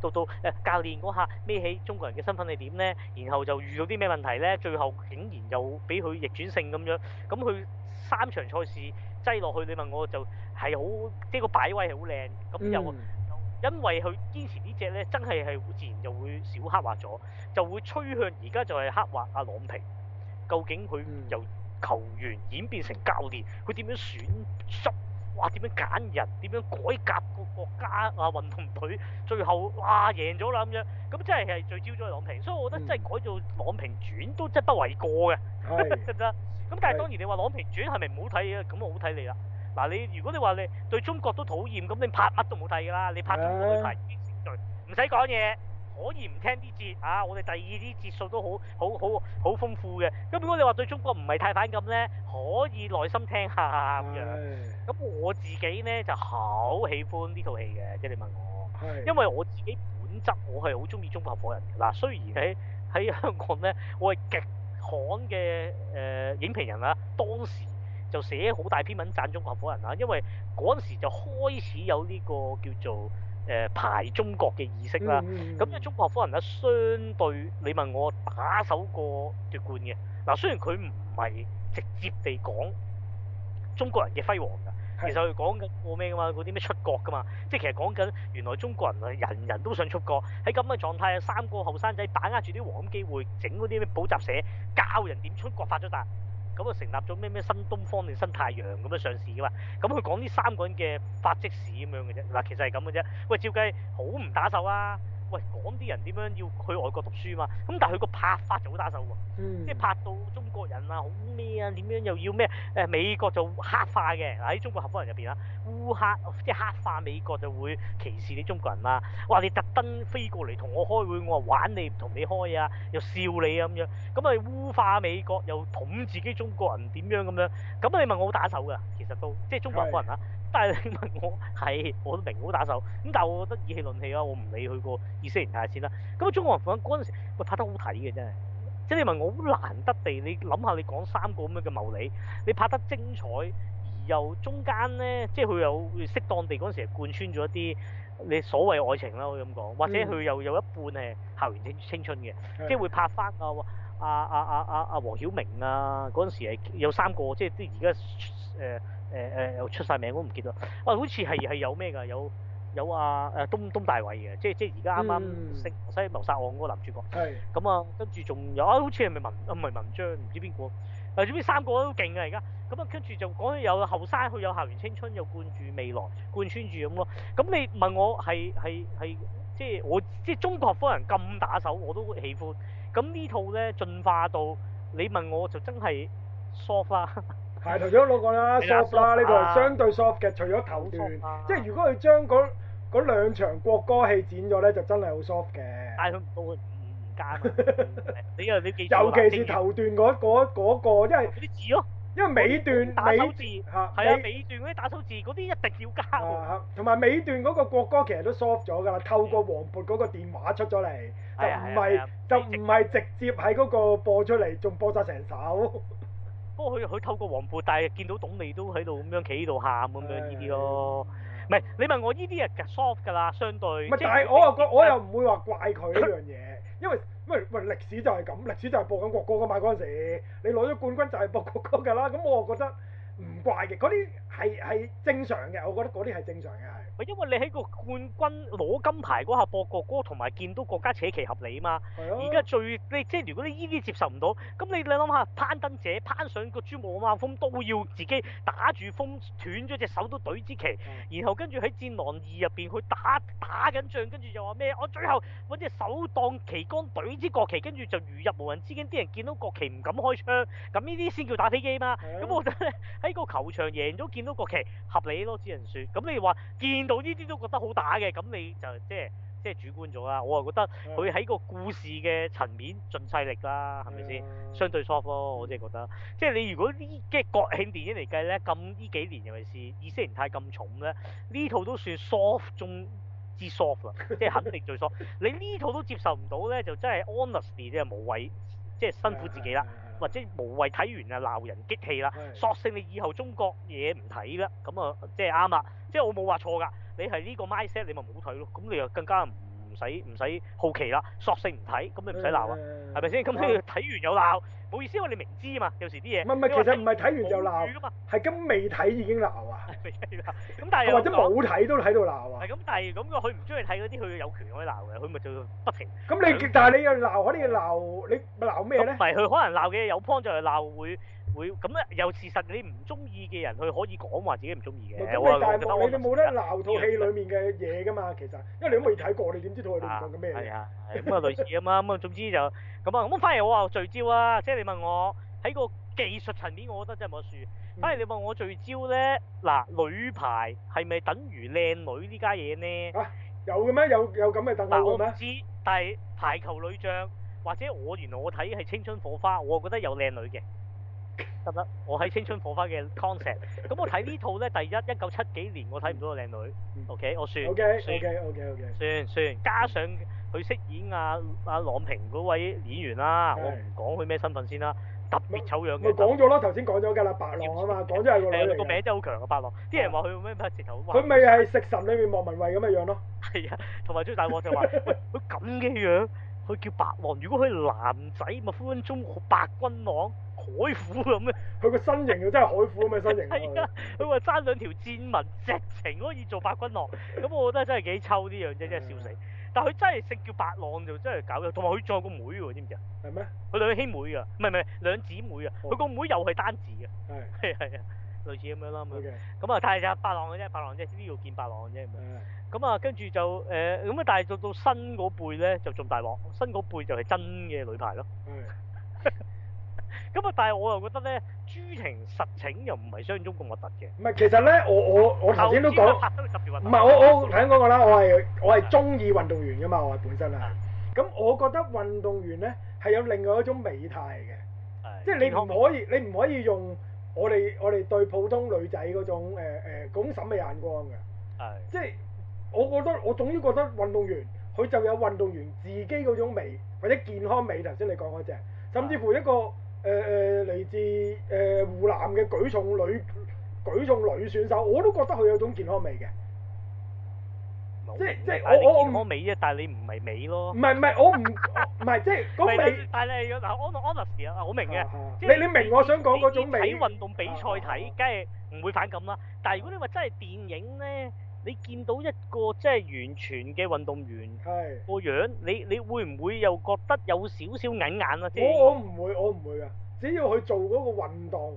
到到誒、呃、教練嗰刻孭起中國人嘅身份係點呢？然後就遇到啲咩問題呢？最後竟然又俾佢逆轉勝咁樣，咁佢三場賽事擠落去，你問我就係好，即係、這個擺位係好靚，咁又。嗯因為佢堅持呢隻咧，真係係自然就會少刻畫咗，就會趨向而家就係刻畫阿朗平。究竟佢由球員演變成教練，佢點樣選擇？哇，點樣揀人？點樣改革個國家啊運動隊？最後哇贏咗啦咁樣，咁真係係聚焦咗朗平，嗯、所以我覺得真係改做朗平傳都真不為過嘅，得咁是 但係當然你話朗平傳係咪唔好睇啊？咁我好睇你啦。嗱，你如果你話你對中國都討厭，咁你拍乜都冇睇㗎啦，你拍都冇睇啲成對，唔使講嘢，可以唔聽啲節啊，我哋第二啲節數都好好好好豐富嘅。咁如果你話對中國唔係太反感咧，可以耐心聽下咁樣。咁 Yeah. 我自己咧就好喜歡呢套戲嘅，即係你問我，Yeah. 因為我自己本質我係好中意中國合伙人嘅。嗱，雖然喺喺香港咧，我係極罕嘅誒影評人啊，當時。就寫好大篇文讚中國合伙人啦，因為嗰陣時就開始有呢個叫做誒、呃、排中國嘅意識啦。咁啲、嗯嗯嗯、中國合伙人咧，相對你問我打手過奪冠嘅。嗱，雖然佢唔係直接地講中國人嘅輝煌㗎，是其實佢講緊個咩㗎嘛？嗰啲咩出國㗎嘛？即係其實講緊原來中國人啊，人人都想出國。喺咁嘅狀態，三個後生仔把握住啲黃金機會，整嗰啲咩補習社，教人點出國發咗達。咁啊，成立咗咩咩新東方定新太陽咁樣上市噶嘛、啊？咁佢講呢三個人嘅發跡史咁樣嘅啫，嗱，其實係咁嘅啫。喂，照計好唔打手啊！喂，講啲人點樣要去外國讀書嘛？咁但係佢個拍法就好打手喎、啊，即係、嗯、拍到中國人啊，好咩啊？點樣又要咩、啊？誒，美國就黑化嘅，喺中國合夥人入邊啦，污黑，即係黑化美國就會歧視你中國人啦、啊。哇！你特登飛過嚟同我開會，我話玩你，唔同你開啊，又笑你啊咁樣。咁啊污化美國又捧自己中國人點樣咁樣？咁你問我好打手㗎，其實都即係中國合夥人啊。但係你問我係，我都明好打手。咁但係我覺得以戲論戲啊，我唔理佢個意識形態先啦。咁啊，中國人嗰陣時佢拍得好睇嘅真係，即、就、係、是、你問我好難得地，你諗下你講三個咁樣嘅茂利，你拍得精彩，而又中間咧，即係佢又適當地嗰陣時貫穿咗一啲你所謂愛情啦，我咁講，或者佢又有一半係校園青青春嘅，嗯、即係會拍翻啊啊啊啊啊黃、啊啊啊、曉明啊嗰陣時係有三個，即係啲而家誒。呃誒誒、呃、又出晒名我唔記得啦、啊。好似係係有咩㗎？有有阿、啊、誒東東大偉嘅，即即而家啱啱升《西謀殺案》嗰個男主角。係、嗯。咁啊、嗯，跟住仲有啊，好似係咪文唔係文章，唔知邊個？誒總之三個都勁啊。而、嗯、家。咁啊，跟住就講有後生，佢有校園青春，又貫住未來，貫穿住咁咯。咁、嗯嗯、你問我係係係，即我即中國科幻人咁打手，我都喜歡。咁、嗯嗯嗯、呢套咧進化到你問我就真係 soft 啦、啊。係，頭先都講過啦，soft 啦，呢個係相對 soft 嘅。除咗頭段，即係如果佢將嗰嗰兩場國歌戲剪咗咧，就真係好 soft 嘅。但係唔加，尤其是頭段嗰個，因為啲字咯，因為尾段尾嚇係啊尾段啲打手字嗰啲一定要加，同埋尾段嗰個國歌其實都 soft 咗㗎啦，透過黃渤嗰個電話出咗嚟，就唔係就唔係直接喺嗰個播出嚟，仲播晒成首。不過佢佢透過黃渤，但係見到董美都喺度咁樣企喺度喊，咁樣呢啲唉唉 咯。唔係你問我呢啲係 soft 㗎啦，相對。唔係是，但係我，我又覺我又唔會話怪佢呢樣嘢，他 因為喂喂歷史就係咁，歷史就係播緊國歌㗎嘛嗰陣時，你攞咗冠軍就係播國歌㗎啦。咁我覺得。怪嘅嗰啲係係正常嘅，我覺得嗰啲係正常嘅。係因為你喺個冠軍攞金牌嗰下播國歌，同埋見到國家扯旗合理啊嘛。係、啊。而家最你即係如果你呢啲接受唔到，咁你你諗下，攀登者攀上個珠穆朗瑪峯都要自己打住風斷咗隻手都懟支旗，嗯、然後跟住喺戰狼二入邊去打打緊仗，跟住又話咩？我最後揾隻手當旗杆懟支國旗，跟住就如入無人之境，啲人見到國旗唔敢開槍，咁呢啲先叫打飛機嘛。係、啊。咁我覺得喺個球場贏咗，見到國旗，合理咯，只能説。咁你話見到呢啲都覺得好打嘅，咁你就即係即係主觀咗啦。我係覺得佢喺個故事嘅層面盡勢力啦，係咪先？Yeah. 相對 soft 咯，我即係覺得。Yeah. 即係你如果呢即係國慶電影嚟計咧，咁呢幾年認為是意思唔太咁重，尤其是意識形態咁重咧，呢套都算 soft 中之 soft 啦， 即係肯定最 soft。你呢套都接受唔到咧，就真係 h o n e s t yhonestly 即係無謂，即係辛苦自己啦。Yeah. 或者無謂睇完啊，鬧人激氣啦，的索性你以後中國嘢唔睇啦，咁啊即係啱啦，即係我冇話錯㗎，你係呢個 mindset 你咪冇睇咯，咁你又更加唔。唔使唔使好奇啦，索性唔睇，咁你唔使鬧啊，係咪先？咁你睇完就鬧，冇意思，因為你明知啊嘛，有時啲嘢唔係唔係，其實唔係睇完就鬧啊嘛，係咁未睇已經鬧啊，咁但係又或者冇睇都睇到鬧啊，係咁，但係咁佢唔中意睇嗰啲，佢有權可以鬧嘅，佢咪就不停。咁你但係你又鬧，肯定要鬧，你鬧咩咧？唔係，佢可能鬧嘅嘢有幫助，鬧會。會咁咧，又事實你唔中意嘅人，佢可以講話自己唔中意嘅。你冇得鬧，你冇得鬧套戲裡面嘅嘢噶嘛？其實，因為你都未睇過，的你點知道佢哋講緊咩？係啊，咁啊，類似啊嘛。咁啊，總之就咁啊，咁反而我話聚焦啊，即係你問我喺個技術層面，我覺得真係冇乜輸。反而你問我聚焦咧，嗱、呃，女排係咪等於靚女呢家嘢呢？有嘅咩？有有咁嘅等於我唔知，但係排球女將或者我原來我睇係青春火花，我覺得有靚女嘅。得唔得？我喺青春火花嘅 concept，咁我睇呢套咧，第一一九七幾年我睇唔到個靚女，OK，我算，算 OK OK OK，算算加上佢飾演阿阿郎平嗰位演員啦，我唔講佢咩身份先啦，特別醜樣嘅。我講咗咯，頭先講咗㗎啦，白狼啊嘛，講咗係個女嘅。個名真係好強啊，白狼，啲人話佢咩咩前頭好。佢咪係食神裏面莫文蔚咁嘅樣咯？係啊，同埋最大鑊就話喂，佢咁嘅樣，佢叫白狼。如果佢男仔，咪分分鐘白君王。海虎咁嘅，佢個身形又真係海虎咁嘅身形係啊，佢話爭兩條戰紋，直情可以做白軍狼。咁我覺得真係幾臭啲樣啫，真係笑死。但係佢真係識叫白狼就真係搞嘅，同埋佢仲有個妹喎，知唔知啊？係咩？佢兩兄妹啊，唔係唔係兩姊妹啊。佢個妹又係單字㗎。係係啊，類似咁樣啦。好嘅。咁啊，就白狼嘅啫，白狼啫，只要見白狼啫咁啊。係。咁啊，跟住就誒咁啊，但係到到新嗰輩咧就仲大鑊，新嗰輩就係真嘅女排咯。咁啊！但係我又覺得咧，朱婷實情又唔係相中咁核突嘅。唔係，其實咧，我我我頭先都講，唔係我我頭先講過啦。我係我係中意運動員㗎嘛，我係本身啦。咁的我覺得運動員咧係有另外一種美態嘅，的即係你唔可以，你唔可以用我哋我哋對普通女仔嗰種誒誒、呃呃、審美眼光㗎。係的，即係我覺得我總之覺得運動員佢就有運動員自己嗰種美或者健康美。頭先你講嗰隻，甚至乎一個。誒誒，嚟、呃、自誒、呃、湖南嘅舉重女舉重女選手，我都覺得佢有種健康味嘅，沒 即即我我我健康美啫，我但係你唔係美咯，唔係唔係我唔唔係即係美，但係你嗱安 honestly 啊，我明嘅哈，你你明我想講嗰種美，你睇運動比賽睇，梗係唔會反感啦，但係如果你話真係電影咧。你見到一個即係完全嘅運動員個樣，你你會唔會又覺得有少少揞眼啊？即係冇，我唔會，我唔會噶。只要佢做嗰個運動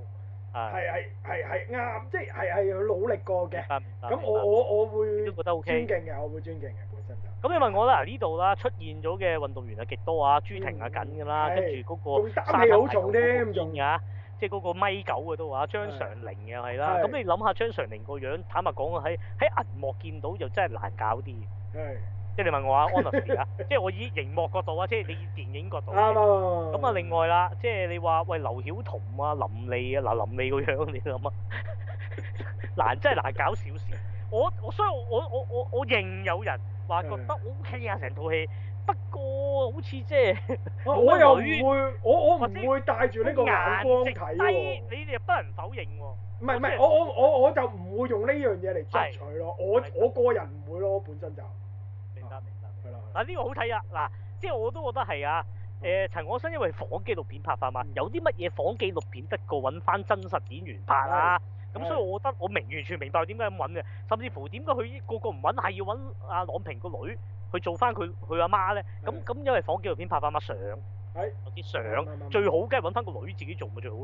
係係係係啱，即係係係有努力過嘅。咁我我我會都覺得 OK，尊敬嘅，我會尊敬嘅，真真。咁你問我啦，嚟呢度啦，出現咗嘅運動員啊，極多啊，朱婷啊，緊咁啦，跟住嗰個殺氣好重添，仲呀。嗰個咪九嘅都話張常寧嘅係啦，咁的你諗下張常寧個樣，坦白講喺喺銀幕見到就真係難搞啲。係的，即係你問我啊安 n u 啊， honestly，即係我以熒幕角度啊，即係你以電影角度。咁啊，另外啦，即係你話喂，劉曉彤啊，林莉啊，嗱林莉個樣，你諗啊， 難真係難搞少少。 我我所以我我我我我，我認有人話覺得 OK 啊，成套戲。不過好似即係，我又會，我我唔會帶住呢個眼光睇喎。你哋不能否認喎。唔係唔係，我我我我就唔會用呢樣嘢嚟擇取咯。我的我個人唔會咯，本身就。明白明白，嗱呢、啊這個好睇啊！嗱，即係我都覺得係啊。誒、呃，陳可辛因為仿紀錄片拍法嘛，嗯、有啲乜嘢仿紀錄片得過搵翻真實演員拍啊？咁所以，我覺得我明完全明白點解咁揾嘅，甚至乎點解佢依個個唔揾，係要揾阿郎平個女去做翻佢佢阿媽咧？咁咁因為放紀錄片拍翻乜相，有啲相最好，梗係揾翻個女自己做咪最好。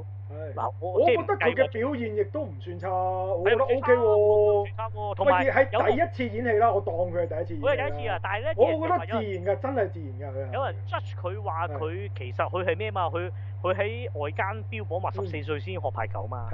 嗱，我覺得佢嘅表現亦都唔算差，係 OK 喎，同埋喺第一次演戲啦，我當佢係第一次演佢係第一次啊，但係咧，我覺得自然嘅，真係自然嘅佢。有人 judge 佢話佢其實佢係咩嘛？佢佢喺外間標榜話，十四歲先學排球嘛。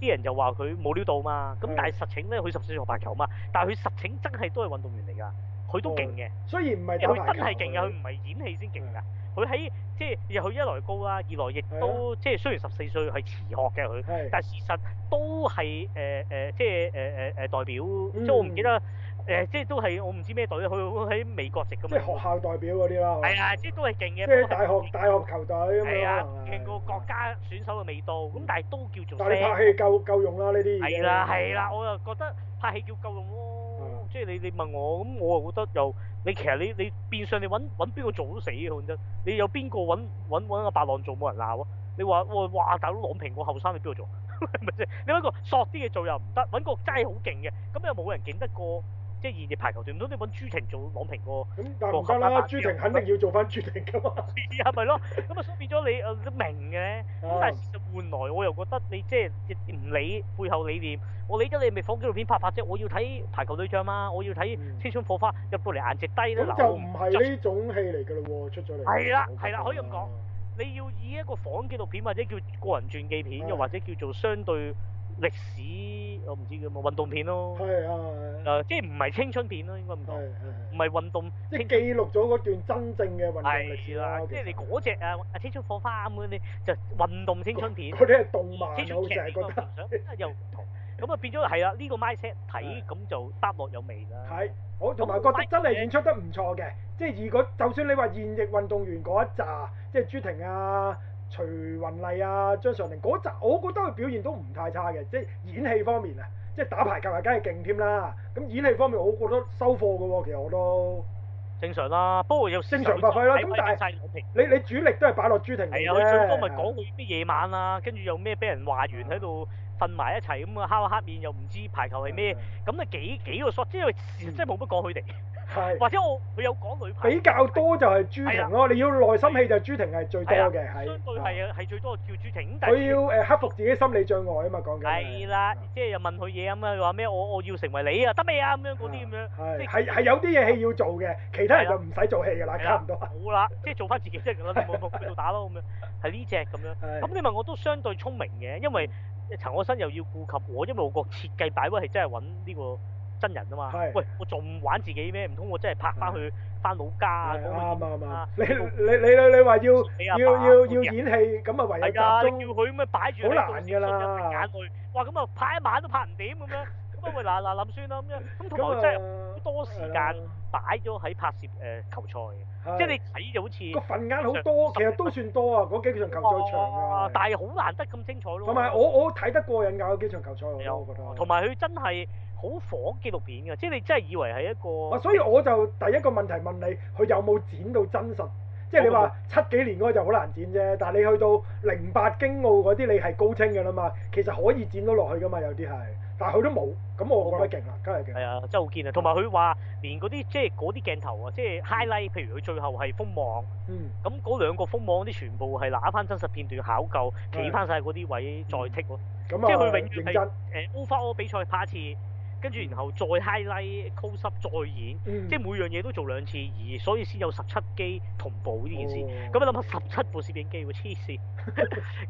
啲人就話佢冇料到嘛，咁但係實情咧，佢十四歲學排球嘛，但係佢實情真係都係運動員嚟㗎，佢都勁嘅、哦。雖然唔係，佢真係勁嘅。佢唔係演戲先勁啊！佢喺是的 即係，佢一來高啦，二來亦都是的 即係雖然十四歲係遲學嘅佢，是的 但係事實都係誒誒即係誒誒誒代表，嗯、即係我唔記得。誒，即係都係我唔知咩隊，佢喺美國籍噶嘛。即係學校代表嗰啲啦。係啊，即係都係勁嘅。即係大學大學球隊咁樣。係啊，勁過國家選手嘅味道。咁但係都叫做。但係拍戲夠夠用啦呢啲。係啦係啦，我又覺得拍戲叫夠用咯。即係你你問我咁，我又覺得又你其實你你變相你搵搵邊個做都死嘅，反正你有邊個搵搵搵阿白浪做冇人鬧啊？你話哇哇大佬郎平過後生你邊度做？係咪先？你搵個索啲嘢做又唔得，搵個齋好勁嘅，咁又冇人勁得過。即係現役排球隊，唔到，你揾朱婷做郎平個？咁但係唔得啦，朱婷肯定要做翻朱婷噶嘛。 係咪咯，咁啊變咗你誒都、呃、明嘅。咁 但係事實換來，我又覺得你即係唔理背後理念，我理得你咪仿紀錄片拍拍啫。我要睇排球女將啊，我要睇青春火花入到嚟顏值低啦。咁、嗯、就唔係呢種戲嚟㗎咯，出咗嚟。係啦的，係啦覺，可以咁講。啊、你要以一個仿紀錄片或者叫個人傳記片，又、嗯、或者叫做相對。歷史我唔知叫乜，運動片咯。係啊。誒、啊呃，即係唔係青春片咯，應該唔夠。唔係、啊啊、運動。即係記錄咗嗰段真正嘅運動歷史啦。啊、即係你嗰隻啊，青春火花咁嗰啲，就運動青春片。嗰啲係動漫。青春劇係覺得又唔同，咁啊 變咗係啦。呢、呢個 mindset 睇咁就得落有味啦。係，我同埋覺得真係演出得唔錯嘅，即係如果就算你話現役運動員嗰一紮，即係朱婷啊，徐雲麗啊，張常玲嗰集，我覺得佢表現都唔太差嘅，即係演戲方面啊，即係打排球啊，梗係勁添啦。咁演戲方面，合合方面我覺得我收貨嘅喎，其實我都正常啦，不過有時不正常發揮啦。咁但係你你主力都係擺落朱婷度咧，最多咪講佢啲嘢慢啊，跟住又咩俾人話完喺度。嗯瞓埋一齊咁啊，烤黑面又唔知排球係咩，咁啊幾幾個索，即係真係冇乜講佢哋。係。或者我佢有講女排。比較多就係朱婷咯，你要內心戲就朱婷係最多嘅。係。相對係啊，係最多叫朱婷。佢要誒克服自己心理障礙啊嘛，講緊。係啦，即係又問佢嘢咁啊，話咩我我要成為你啊，得未啊咁樣嗰啲咁樣。係係係有啲嘢戲要做嘅，其他人就唔使做戲㗎啦，差唔多。好啦，即係做翻自己啫啦，冇冇冇打咯咁樣，係呢隻咁樣。係。咁你問我都相對聰明嘅，因為。陳可辛又要顧及我，因為我個設計擺位係真係揾呢個真人啊嘛。係的。喂，我仲唔玩自己咩？唔通我真係拍翻去翻老家啊？啱唔啱？你你你你話要要要要演戲咁啊？唯有集中。係要佢咁樣擺住喺度，好難㗎啦眼淚。哇，咁啊，拍一晚都拍唔掂咁樣。 都會嗱嗱諗算啦咁樣，咁同埋真係好多時間擺咗喺拍攝誒球賽嘅，即係你睇就好似個份眼好多，其實都算多啊嗰幾場球賽場啊，但係好難得咁精彩咯。同埋我我睇得過癮㗎嗰幾場球賽，我覺得。同埋佢真係好仿紀錄片嘅，即係你真係以為係一個。所以我就第一個問題問你，佢有冇剪到真實？即係你話七幾年嗰個就好難剪啫，但係你去到零八京奧嗰啲，你係高清㗎啦嘛，其實可以剪到落去㗎嘛，有啲係。但係佢都冇，咁我覺得勁啊，真係勁！係啊，真係好堅啊！同埋佢話，連嗰啲即係嗰啲鏡頭啊，即係 highlight，譬如佢最後係封網，咁嗰兩個封網啲全部係攞翻真實片段考究，企翻晒嗰啲位再剔咯，咁啊，即係佢永遠係誒 over all 比賽拍一次，跟住然後再 highlight close up 再演，即係每樣嘢都做兩次而，所以先有十七機同步呢件事。咁你諗下，十七部攝影機喎，黐線！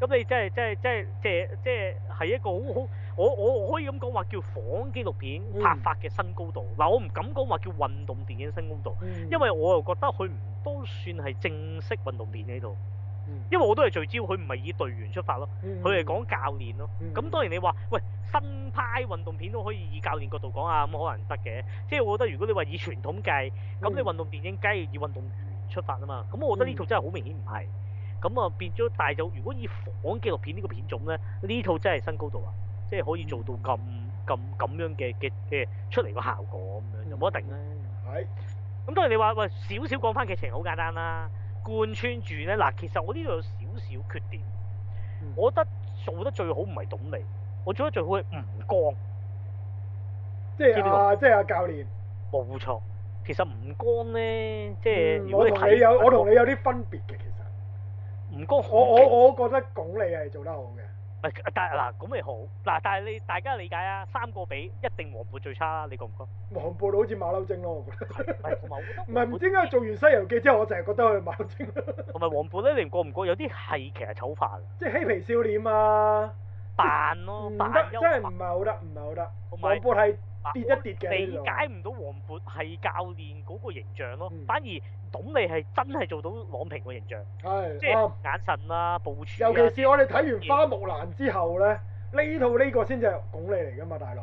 咁你真係真係真係即係即係係一個好好。我我可以咁講話叫仿紀錄片拍法嘅新高度嗱，嗯、我唔敢講話叫運動電影新高度，嗯、因為我又覺得佢唔都算係正式運動片喺度，嗯、因為我都係聚焦佢唔係以隊員出發咯，佢係、嗯、講教練咯。咁、嗯、當然你話喂新派運動片都可以以教練角度講啊，咁可能得嘅。即係我覺得如果你話以傳統計，咁你運動電影梗係以運動員出發啊嘛。咁我覺得呢套真係好明顯唔係咁啊，變咗大就如果以仿紀錄片呢個片種咧，呢套真係新高度啊！即係可以做到咁咁咁樣嘅嘅嘅出嚟個效果咁樣，冇一定咧。係、嗯。咁當然你話喂少少講翻劇情好簡單啦，貫穿住咧嗱，其實我呢度有少少缺點。我覺得做得最好唔係鞏俐，我做得最好係吳剛。即係啊，即係阿教練。冇錯。其實吳剛咧，即係、嗯、如果同你，你有，我同你有啲分別嘅其實。吳剛，我我我覺得鞏俐係做得好嘅。唔係，但嗱咁又好，嗱但係你大家理解啊，三個比一定黃渤最差，你覺唔覺？黃渤好似馬騮精咯，我覺得。唔係唔係，唔係唔知點解做完《西遊記》之後，我就係覺得佢係馬騮精。同埋黃渤咧，你覺唔覺有啲係其實醜化嘅？即係嬉皮笑臉啊！扮咯、啊，扮得，真係唔係好得，唔係好得。黃渤係。而且 跌一跌嘅，理解唔到黃渤係教練嗰個形象咯，反而鞏俐係真係做到郎平個形象，即係眼神啦、部署。尤其是我哋睇完花木蘭之後咧，呢套呢個先至係鞏俐嚟嘅嘛，大佬。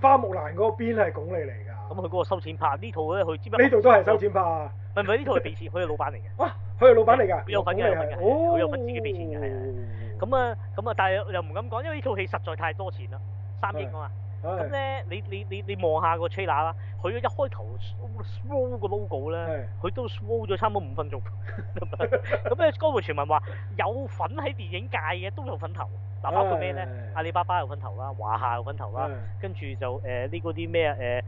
花木蘭嗰個邊係鞏俐嚟㗎？咁佢嗰個收錢拍呢套咧，佢知唔知？呢套都係收錢拍。唔係唔係，呢套係俾錢，佢係老闆嚟嘅。哇！佢係老闆嚟㗎。佢有份嘅，有份嘅。佢有份自己俾錢嘅。咁啊，咁啊，但係又唔敢講，因為呢套戲實在太多錢啦，三億啊嘛。咁咧，你你你你望下個車喇啦，佢一開頭 show 個 logo 咧，佢都 show 咗差唔多五分鐘。咁咧，嗰盤傳聞話有份喺電影界嘅都有份投。erman mayor 笑 toggle prescribe 嗱，包括咩咧？阿里巴巴有份頭啦，華夏有份頭啦，跟住就誒呢嗰啲咩啊？誒誒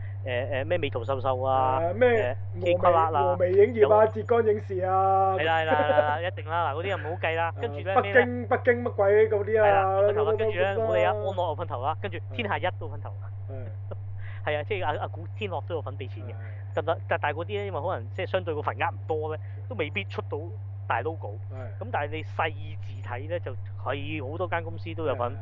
誒咩美圖秀秀啊？誒咩？和和美影業啊，浙江影視啊。係啦係啦係啦，一定啦。嗱，嗰啲又唔好計啦。跟住咧，北京北京乜鬼嗰啲啊？跟住咧，我哋啊安樂有份頭啊，跟住天下一都有份頭。嗯。係啊，即係阿阿古天樂都有份俾錢嘅，得唔得？但係嗰啲咧，因為可能即係相對個份額唔多咧，都未必出到。大 logo，咁的但係你細字體咧就係好多間公司都有份，的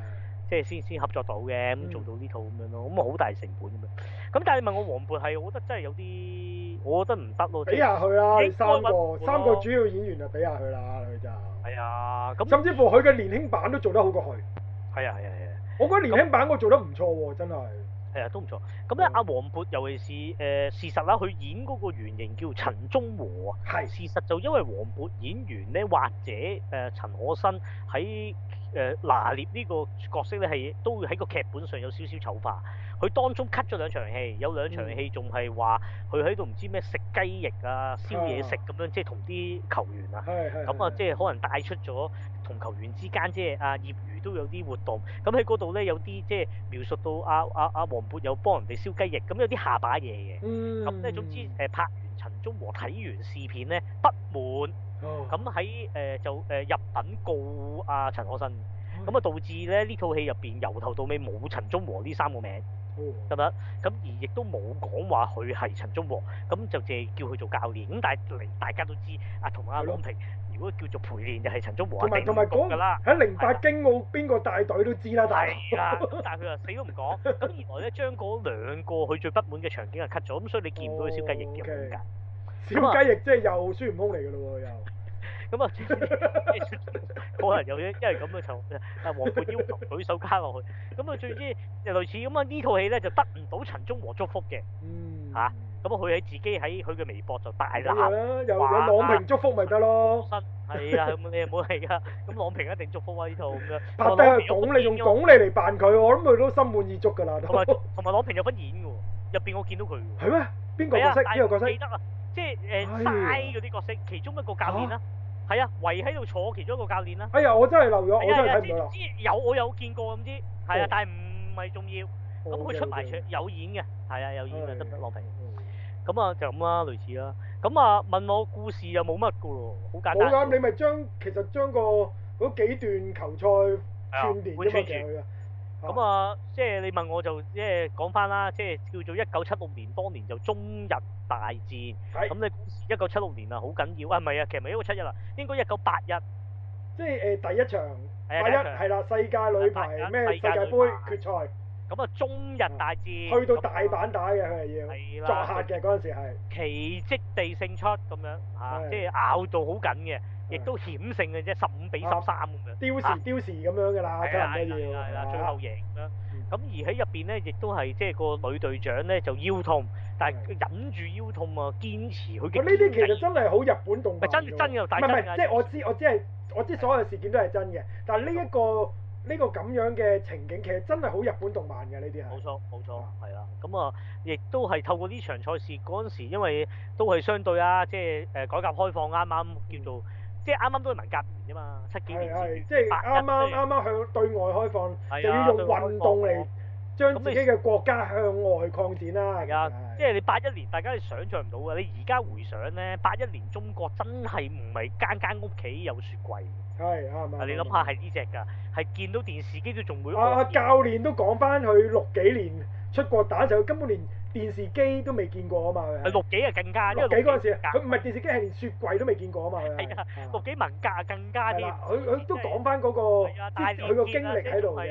即係先先合作到嘅，咁、嗯、做到呢套咁樣咯，咁啊好大成本咁樣。咁但係你問我黃渤係，我覺得真係有啲，我覺得唔得咯。畀下佢啦，就是、三個三個主要演員就畀下佢啦，佢就。係啊，咁。甚至乎佢嘅年輕版都做得好過佢。係啊係啊係啊。我覺得年輕版我做得唔錯喎，真係。誒都唔錯咁咧阿黃渤，嗯嗯、尤其是誒、呃、事實啦，佢演嗰個原型叫陳忠和啊，係、嗯、事實就因為黃渤演員咧或者誒陳、呃、可辛喺。誒、呃、拿捏呢個角色咧，係都會喺個劇本上有少少醜化。佢當中 cut 咗兩場戲，有兩場戲仲係話佢喺度唔知咩食雞翼啊、燒嘢食咁樣，即係同啲球員啊。係咁啊，即係可能帶出咗同球員之間，即係啊業餘都有啲活動。咁喺嗰度咧有啲即係描述到阿阿阿黃渤有幫人哋燒雞翼，咁有啲下把嘢嘅。嗯，嗯。咁咧，總之誒、呃、拍。中和睇完試片咧不滿，咁喺誒就誒入稟告阿陳可辛，咁啊導致咧呢套戲入邊由頭到尾冇陳中和呢三個名，得唔得？咁而亦都冇講話佢係陳中和，咁就借叫佢做教練。咁但係大家都知，阿同阿郎平如果叫做陪練就係、是、陳中和一定唔講㗎啦。喺零八京奧邊個大隊都知啦， 但係係啊，但係佢啊死都唔講。咁原來咧將嗰兩個佢最不滿嘅場景啊 cut 咗，咁所以你見唔到佢小雞翼嘅風格。Oh 小雞亦即係又孫悟空嚟㗎咯喎又，咁啊，個人有一，因為咁啊就，啊黃冠英求舉手加落去，咁啊最之又類似咁啊呢套戲咧就得唔到陳忠和祝福嘅，嗯，嚇、啊，咁啊佢喺自己喺佢嘅微博就大啦，係啦，有啦，卓有有朗平祝福咪得咯，係啊，你唔好理啊，咁朗平一定祝福啊呢套咁啊，拍低佢鞏俐用鞏俐嚟扮佢，我諗佢都心滿意足㗎啦，同埋同埋朗平有份演㗎喎，入邊我見到佢喎，係咩？邊個角色？邊個角色？記得啊。即係誒，嘥嗰啲角色，其中一個教練啦，係啊，圍喺度坐，其中一個教練啦。哎呀，我真係漏咗，我真係睇唔到。有我有見過咁知，係啊，但係唔係重要。咁佢出埋場有演嘅，係啊，有演啊，得得落皮。咁啊，就咁啦，類似啦。咁啊，問我故事又冇乜噶喎。好簡單。你咪將其實將個嗰幾段球賽串聯咗。嘛，其咁、嗯、啊，即係你問我就，即係講翻啦，即係叫做一九七六年，當年就中日大戰。咁是你一九七六年啊，好緊要啊，唔係啊，其實唔係因為七一啊，應該一九八一，即係誒第一場，第一係啦，場場世界女排咩，世界盃世界決賽。咁啊，中日大戰去到大阪打嘅佢係要，作客嘅嗰陣時係奇蹟地勝出咁樣啊，即係咬到好緊嘅，亦都險勝嘅即係，十五比十三咁樣，刁時刁時咁樣㗎啦，真係要，最後贏。咁而喺入邊咧，亦都係即係個女隊長咧就腰痛，但係忍住腰痛啊，堅持佢嘅。咁呢啲其實真係好日本動畫。唔係真真又大，即係我知，我知係我知所有事件都係真嘅，但係呢一個。呢個咁樣嘅情景其實真係好日本動漫嘅呢啲係。冇錯，冇錯，係啦。咁啊，亦都係透過呢場賽事嗰陣時，因為都係相對啊，即係誒改革開放啱啱叫做，即係啱啱都係文革年啫嘛，七幾年前，即係啱啱啱啱向對外開放，又要用運動嚟將自己嘅國家向外擴展啦。係啊，即係你八一年大家係想象唔到嘅，你而家回想咧，八一年中國真係唔係間間屋企有雪櫃。係啊，係你諗下係呢隻㗎，係見到電視機都仲每個。啊教練都講翻佢六幾年出國打就根本連電視機都未見過啊嘛。六幾啊，更加。六幾嗰陣時，佢唔係電視機，係連雪櫃都未見過啊嘛。係啊，六幾文革更加啲。佢佢都講翻嗰個，佢個經歷喺度啊。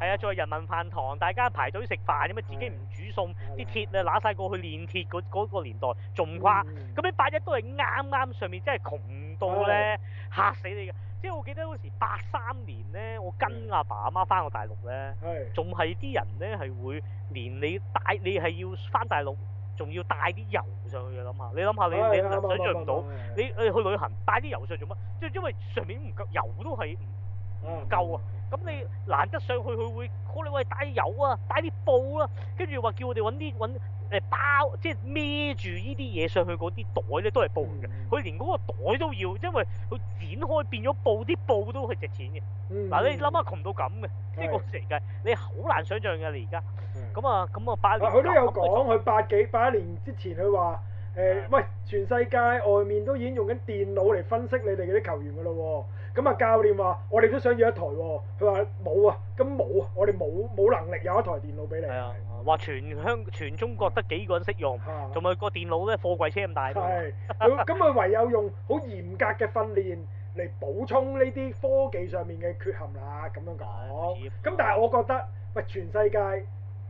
係啊，作為人民飯堂大家排隊食飯，咁啊自己唔煮餸，啲鐵啊攞晒過去練鐵嗰個年代仲誇。咁你八一都係啱啱上面真係窮到咧嚇死你㗎。即係我記得嗰時八三年咧，我跟阿爸阿媽翻過大陸咧，仲係啲人咧係會連你帶你係要翻大陸，仲要帶啲油上去嘅。諗下，你諗下的你你想象唔到，你、嗯嗯、你去旅行帶啲油上去做乜？即係因為上面唔夠油都係唔唔夠啊！咁、嗯嗯、你難得上去，佢會 call 你喂，帶油啊，帶啲布啊。跟住話叫我哋揾啲揾。誒包即係孭住呢啲嘢上去嗰啲袋咧，都係布嘅。佢連嗰個袋都要，因為佢剪開變咗布，啲布都係值錢嘅。嗱、嗯啊，你諗下窮到咁嘅，即係、嗯、個時計，你好難想像㗎。你而家咁啊，咁啊百。佢都有講，佢百幾百年之前，佢話誒喂，全世界外面都已經用緊電腦嚟分析你哋嗰啲球員噶啦喎。咁啊，教練話我哋都想要一台喎。佢話冇啊，咁冇啊，我哋冇冇能力有一台電腦俾你。的話全香全中國得幾個人識用，同埋個電腦咧貨櫃車咁大都，咁佢唯有用好嚴格嘅訓練嚟補充呢啲科技上面嘅缺陷啦，咁樣講。咁但係我覺得，喂全世界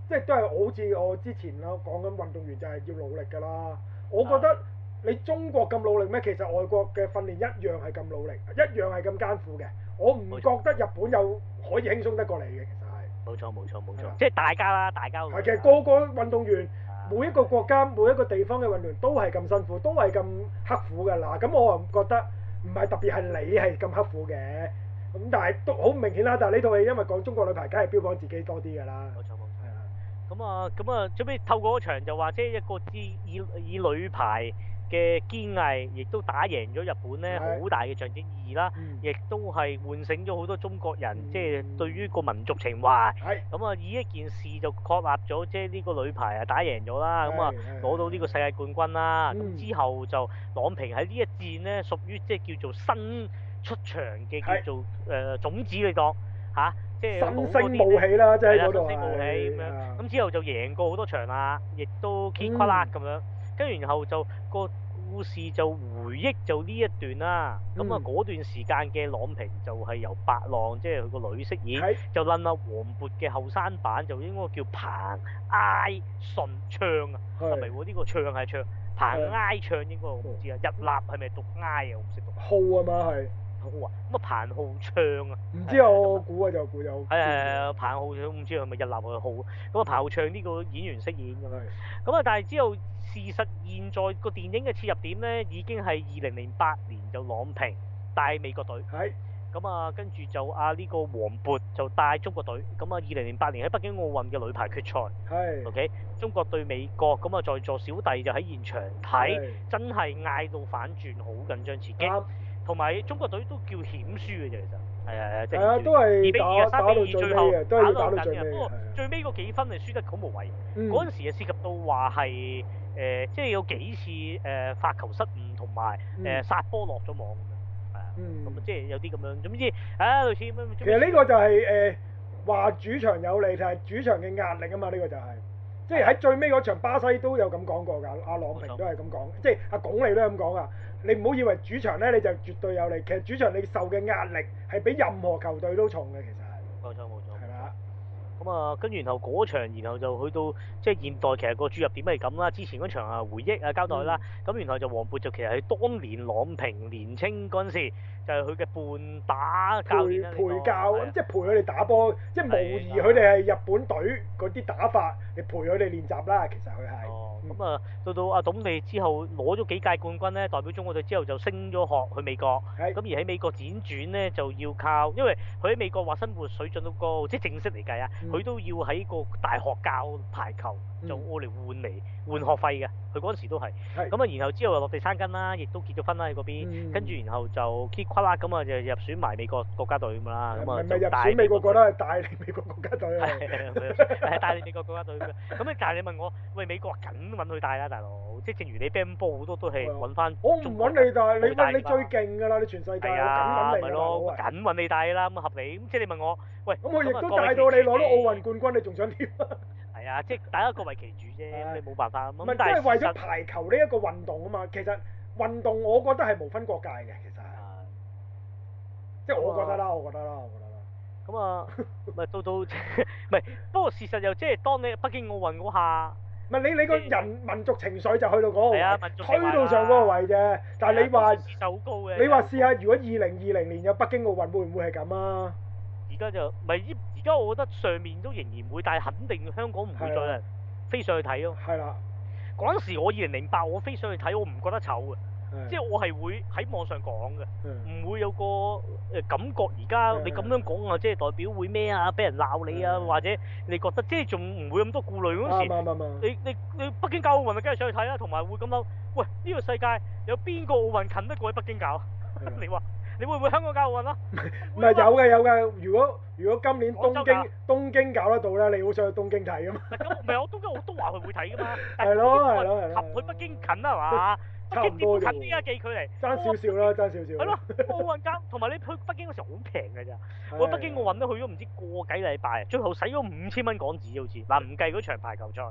即係都係我好似我之前啦講緊運動員就係要努力㗎啦。我覺得你中國咁努力咩？其實外國嘅訓練一樣係咁努力，一樣係咁艱苦嘅。我唔覺得日本又可以輕鬆得過嚟嘅。冇錯冇錯冇錯，錯錯錯即係大家啦，的大家。啊、其實，個個運動員，啊、每一個國家、啊、每一個地方嘅運動員都係咁辛苦，都係咁刻苦嘅啦。咁我又覺得唔係特別係你係咁刻苦嘅，咁但係都好明顯啦。但係呢套戲因為講中國女排，梗係標榜自己多啲㗎啦。冇錯冇錯，係的啊。咁啊咁啊，最尾透過嗰場就話，即係一個啲以以,以女排。嘅堅毅，亦都打贏咗日本咧，好大嘅象徵意義啦，亦都係喚醒咗好多中國人，即係對於個民族情懷。咁啊，以一件事就確立咗，即係呢個女排啊打贏咗啦，咁啊攞到呢個世界冠軍啦。咁之後就郎平喺呢一戰咧，屬於即係叫做新出場嘅叫做誒種子你講吓，即係新生冒起啦，即係喺度。新生冒起咁樣，咁之後就贏過好多場啦，亦都傑出啦咁樣，跟住然後就個，故事就回憶就呢一段啦，啊，咁啊嗰段時間嘅郎平就係由白浪即係佢個女飾演，是就諗下黃渤嘅後生版就應該叫彭挨順唱啊，係咪喎？呢、呢個唱係唱，彭挨唱應該我唔知啊，是日立係咪讀挨啊？我唔識讀。好啊嘛係。咁啊，彭浩唱是是日納日納日納啊，唔知啊，我估啊，就估有。係係彭浩翔唔知係咪日立個浩。咁啊，彭浩唱呢個演員飾演㗎啦。咁啊是，但係之後事實，現在個電影嘅切入點咧，已經係二零零八年就郎平帶美國隊。係是。咁、嗯、啊，跟、這、住、個、就啊呢個黃渤就帶中國隊。咁啊，二零零八年喺北京奧運嘅女排決賽。係是。O、okay? K. 中國對美國，咁啊在座小弟就喺現場睇，是是真係嗌到反轉，好緊張刺激。同埋中國隊都叫險輸嘅啫，其實係啊，係、就、啊、係打，二比二啊，三比二最後打到緊嘅，不過最尾嗰幾分係輸得好無謂。嗰陣、嗯、時啊，涉及到話係誒，即係有幾次誒發球失誤同埋誒殺波落咗網啊，咁啊、嗯，嗯、即係有啲咁樣，總之啊，類似咁。其實呢個就係誒話主場有利，就係、係、主場嘅壓力啊嘛，呢、呢個就係、係。即係喺最尾場巴西都有咁講過，㗎，阿朗平都係咁講，沒錯 即係阿鞏俐都係咁講啊！你唔好以為主場咧你就絕對有利，其實主場你受嘅壓力係比任何球隊都重嘅，其實係冇錯冇錯。咁啊，跟住然後嗰場，然後就去到即係現代，其實個注入點係咁啦。之前嗰場啊回憶啊交代啦。咁、嗯、然後就黃渤就其實係當年郎平年青嗰陣時，就係佢嘅伴打教練，那個，陪陪教，啊、即係陪佢哋打波，啊、即係模擬佢哋係日本隊嗰啲打法，啊、你陪佢哋練習啦。其實佢係。哦咁啊，嗯嗯、到到阿董隊之後攞咗幾屆冠軍咧，代表中國隊之後就升咗學去美國，咁、嗯、而喺美國輾轉咧就要靠，因為佢喺美國話生活水準都高，即係正式嚟計啊，佢都要喺個大學教排球，就我哋換嚟換學費嘅，佢嗰時都係，咁啊、嗯，嗯、然後之後又落地生根啦，亦都結咗婚啦喺嗰邊，跟住、嗯、然後就 k e e 咁啊，就入選埋美國國家隊咁啦，咁啊就帶 美國國家帶領美國國家隊啊，係帶領美國國家隊，咁但係你問我，喂，美國緊？搵佢帶啦，大佬，即係正如你乒乓波好多都係揾翻。我唔揾你帶，你你你最勁噶啦，你全世界緊揾你咯，緊揾你帶啦，咁合理。咁即係你問我，喂，咁我亦都帶到你攞到奧運冠軍，你仲想點啊？係啊，即係大家各為其主啫，你冇辦法咁。唔係，因為為咗排球呢一個運動啊嘛，其實運動我覺得係無分國界嘅，其實係。即係我覺得啦，我覺得啦，我覺得啦。咁啊，唔係到到，唔係不過事實又即係當你北京奧運嗰下。唔係你你個人民族情緒就去到嗰個啊、民族推到上嗰個位啫。啊、但係你話對你話試下如果二零二零年有北京奧運會唔會係咁啊？而家就唔係而家，我覺得上面都仍然會，但肯定香港唔會再人飛上去睇咯。係啦、啊，嗰陣、啊、時我二零零八我飛上去睇，我唔覺得醜嘅。即係我係會喺網上講嘅，唔會有個誒感覺。而家你咁樣講啊，即係代表會咩啊？俾人鬧你啊，或者你覺得即係仲唔會咁多顧慮嗰時，你你你北京搞奧運咪梗係想去睇啦。同埋會咁樣，喂呢個世界有邊個奧運近得過去北京搞？你話你會唔會香港搞奧運咯？唔係有嘅有嘅。如果如果今年東京東京搞得到咧，你好想去東京睇噶嘛？係咁，唔係我東京我都話佢會睇噶嘛。係咯係咯係咯，佢北京近啊嘛。差唔多嘅，近啲啊，寄佢離，爭少少啦，爭少少。係咯，奧運金，同埋你去北京嗰時好平㗎咋，我北京我揾咗去咗唔知過幾禮拜，最後使咗五千蚊港紙好似，嗱唔計嗰場排球賽，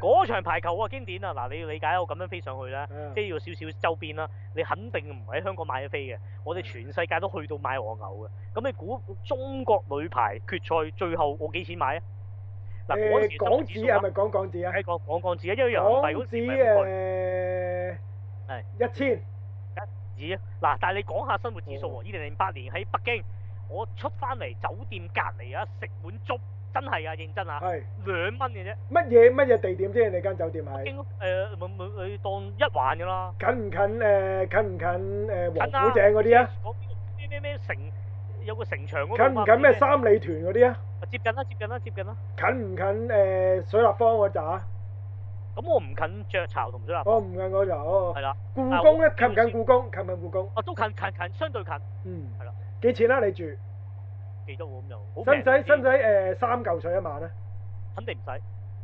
嗰場排球啊經典啊，嗱你要理解我咁樣飛上去啦，即係要少少周邊啦，你肯定唔喺香港買飛嘅，我哋全世界都去到買鵝牛嘅，咁你估中國女排決賽最後我幾錢買啊？嗱，港紙係咪講港紙啊？係講講港紙啊，因為人民幣好貴。一千一二嗱，但係你講下生活指數喎。二零零八年喺北京，我出翻嚟酒店隔離啊，食碗粥真係啊，認真啊，係兩蚊嘅啫。乜嘢乜嘢地點先？你間酒店喺北京誒？冇冇？當一環㗎啦。近唔近誒？近唔近誒？王府井嗰啲啊？我邊度咩咩咩城有個城牆嗰度啊？近唔近咩三里屯嗰啲啊？接近啦，接近啦，接近啦。近唔近誒水立方嗰扎？咁我唔近雀巢同水立方。我唔近嗰度，哦，哦。係啦的。故宮公咧，啊，近唔近故宮？近唔近故宮？哦，啊，都近近近，相對近。嗯。係啦的。幾錢啦，啊？你住？幾多？咁就。使唔使使唔使誒三嚿水一晚，哦，啊？肯定唔使。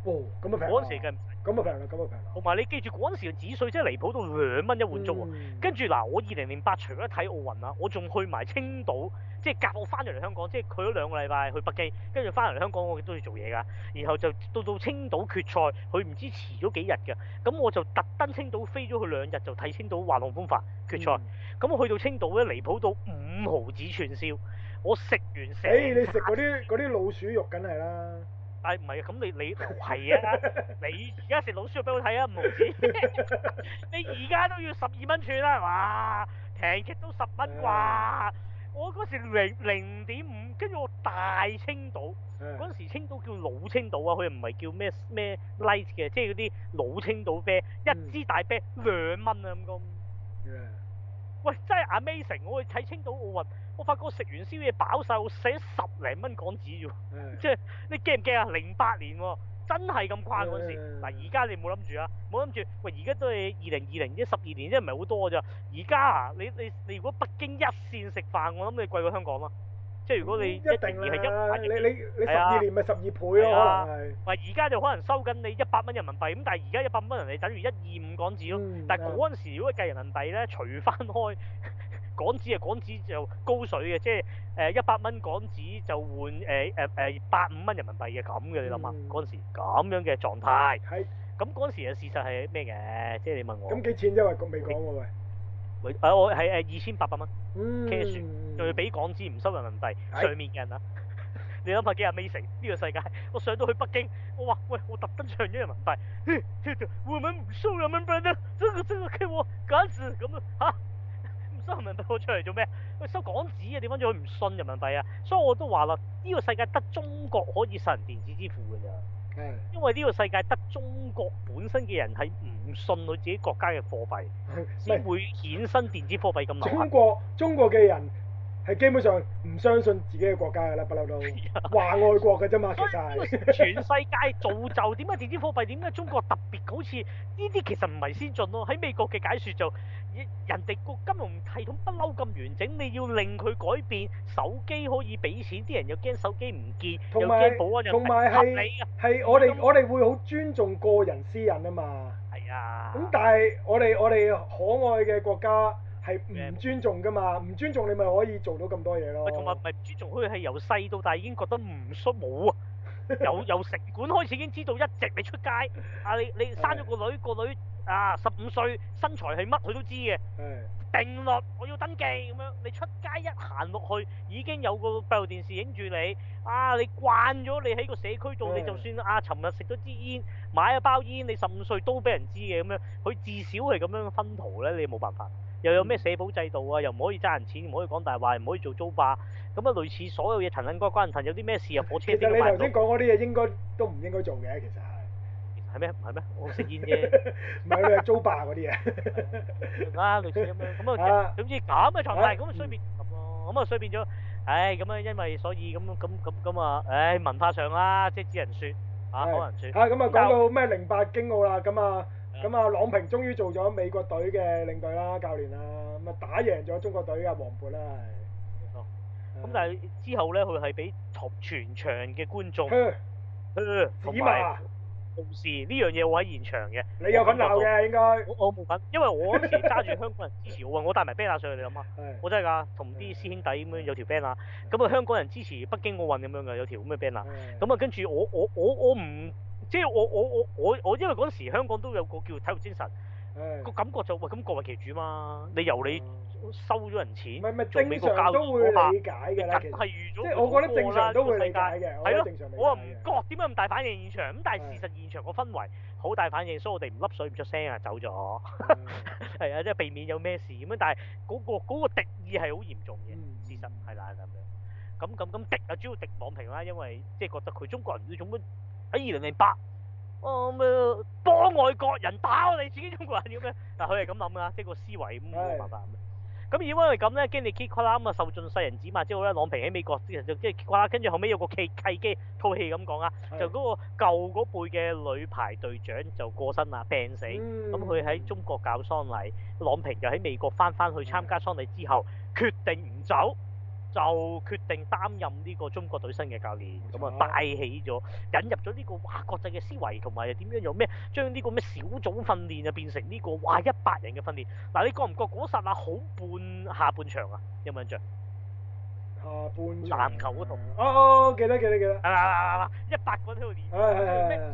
哦，咁啊平。嗰陣時計唔。咁啊平啦，咁啊平啦。同埋你記住嗰陣時嘅紙碎真係離譜到兩蚊一碗粥啊！跟住嗱，我二零零八除咗睇奧運啊，我仲去埋青島，即係隔我翻咗嚟香港，即係去咗兩個禮拜去北京，跟住翻嚟香港我都要做嘢㗎。然後就到到青島決賽，佢唔知遲咗幾日㗎，咁、嗯、我就特登青島飛咗佢兩日就睇青島滑浪風帆決賽。咁、嗯、我去到青島咧，離譜到五毫子串燒，我食完誒、欸、你食嗰啲嗰啲老鼠肉，梗係啦。哎、啊，唔係 啊，咁 你你係啊。你而家食老鼠肉俾我睇啊，唔好意思，你而家都要十二蚊串啦，係嘛？平極都十蚊啩，我嗰時零零點五，跟住我大青島，嗰陣 Yeah. 時青島叫老青島啊，佢唔係叫咩咩 light 嘅，即係嗰啲老青島啤，一支大啤兩蚊啊咁多。Yeah. 喂，真係 amazing！我去睇青島奧運，我發覺食完宵夜飽晒，我使咗十零蚊港紙啫，Yeah. 即係你驚唔驚啊？零八年喎、哦，真係咁誇嗰陣時。嗱 Yeah.，而家你冇諗住啊，冇諗住。喂，2020，而家都係二零二零，即十二年，即係唔係好多咋？而家啊，你你你如果北京一線食飯，我諗你貴過香港啊。即係如果你一定係一百億啦，你你你十二年咪十二倍咯、啊，啊、可能。咪而家就可能收緊你一百蚊人民幣，咁但係而家一百蚊人你，等於一二五港紙咯。嗯、但係嗰陣時是的 如果計人民幣咧，除翻開 港紙係港紙就高水嘅，即係誒一百蚊港紙就換誒誒誒八五蚊人民幣嘅咁嘅，就是嗯、你諗下嗰陣時咁樣嘅狀態。係的。咁嗰陣時嘅事實係咩嘅？即係的你問我。咁幾錢因為未講喎喂。誒、哎，我係誒、哎、二千八百蚊，孭船、嗯，仲要俾港紙，唔收人民幣，哎、上面嘅人啊， 你諗下幾廿米成呢個世界，我上到去北京，我話喂，我特登唱咗人民幣，會唔會唔收人民幣呢？真個真個我喎，簡直咁啊吓，唔收人民幣我出嚟做咩？喂，收港紙啊？點解仲要唔信人民幣啊？所以我都話啦，呢、這個世界得中國可以實現電子支付噶咋。因為呢個世界得中國本身嘅人係唔信佢自己國家嘅貨幣，先會 以衍生電子貨幣咁流行。中國中國嘅人。係基本上唔相信自己嘅國家㗎啦，不嬲都話愛國㗎啫嘛。其實 全世界造就點解電子貨幣點解中國特別好似呢啲其實唔係先進咯。喺美國嘅解説就係，人哋個金融系統不嬲咁完整，你要令佢改變，手機可以俾錢，啲人又驚手機唔見，同埋有保安又唔合理啊。係有我哋種我哋會好尊重個人私隱啊嘛。係啊。咁但係我哋我哋可愛嘅國家。係唔尊重㗎嘛？唔尊重你咪可以做到咁多嘢咯。唔係同埋唔尊重，佢似係由細到大已經覺得唔舒服啊！由由食管開始已經知道一直你出街啊！你你生咗個女， 個女啊十五歲身材係乜佢都知嘅 定落我要登記咁樣。你出街一行落去已經有個閉路電視影住你啊！你慣咗你喺個社區度， 你就算啊尋日食咗支煙，買一包煙，你十五歲都俾人知嘅咁樣。佢至少係咁樣分途咧，你冇辦法。又有咩社保制度啊？又唔可以爭人錢，唔可以講大話，唔可以做租霸，咁啊，類似所有嘢塵滾該關人塵。有啲咩事啊？火車都唔係講。其實你頭先講嗰啲嘢應該都唔應該做嘅，其實係。係咩？唔係咩？我食煙嘅。唔係，你係租霸嗰啲嘢。啊，類似咁樣。啊。總之咁嘅狀態，咁衰變。咁咯，咁啊，衰變咗。唉，咁啊，因為所以咁，咁咁咁啊，唉，文化上啦，即係只能説，啊，可能説。啊，咁啊，講到咩零八京奧啦，咁啊。咁啊，郎、嗯、平終於做咗美國隊嘅領隊啦、教練啦，咁啊打贏咗中國隊嘅黃渤啦，冇、哎、錯。咁、嗯嗯嗯、但係之後咧，佢係俾全場嘅觀眾、市民、同事呢樣嘢，我喺現場嘅。你有份鬧嘅應該。我冇份，因為我嗰時揸住香港人支持奧運，我帶埋 banner 上去，你諗下，我真係㗎，同啲師兄弟咁樣有條 banner，咁啊香港人支持北京奧運咁樣㗎，有條咁嘅 banner，咁啊跟住我我我我唔。我即係我我我我我因為嗰陣時香港都有個叫體育精神，個感覺就喂咁各為其主嘛，你由你收咗人錢，做美國教育，正常都會理解㗎啦，其實係遇咗個過啦，正常都會理解嘅，係咯，我話唔覺點解咁大反應現場，咁但係事實現場個氛圍好大反應，所以我哋唔甩水唔出聲啊走咗，係啊，即係避免有咩事咁樣，但係嗰個嗰個敵意係好嚴重嘅事實係啦咁樣，咁咁咁敵啊主要敵網評啦，因為即係覺得佢中國人唔知乜。喺二零零八，我咪、啊、幫外國人打、啊、你自己中國人咁樣，但佢係咁諗㗎，呢個思維咁冇辦法咁。如果因咁咧，經你劇啦，咁啊受盡世人指罵之後咧，郎平喺美國之人就即係，跟住後尾有個契契機套戲咁講啊，就嗰個舊嗰輩嘅女排隊長就過身啦，病死，咁佢喺中國搞喪禮，郎平就喺美國翻返去參加喪禮之後，嗯、決定唔走。就決定擔任呢個中國隊新嘅教練，咁啊帶起咗，引入咗呢個哇國際嘅思維，同埋點樣用咩將呢個咩小組訓練啊變成呢個哇一百人嘅訓練。嗱，你覺唔覺嗰陣啊好半下半場啊？有冇印象？下半場籃球嗰度。哦，哦，記得記得記得。嚟嚟嚟嚟，一百個喺度練。哎呀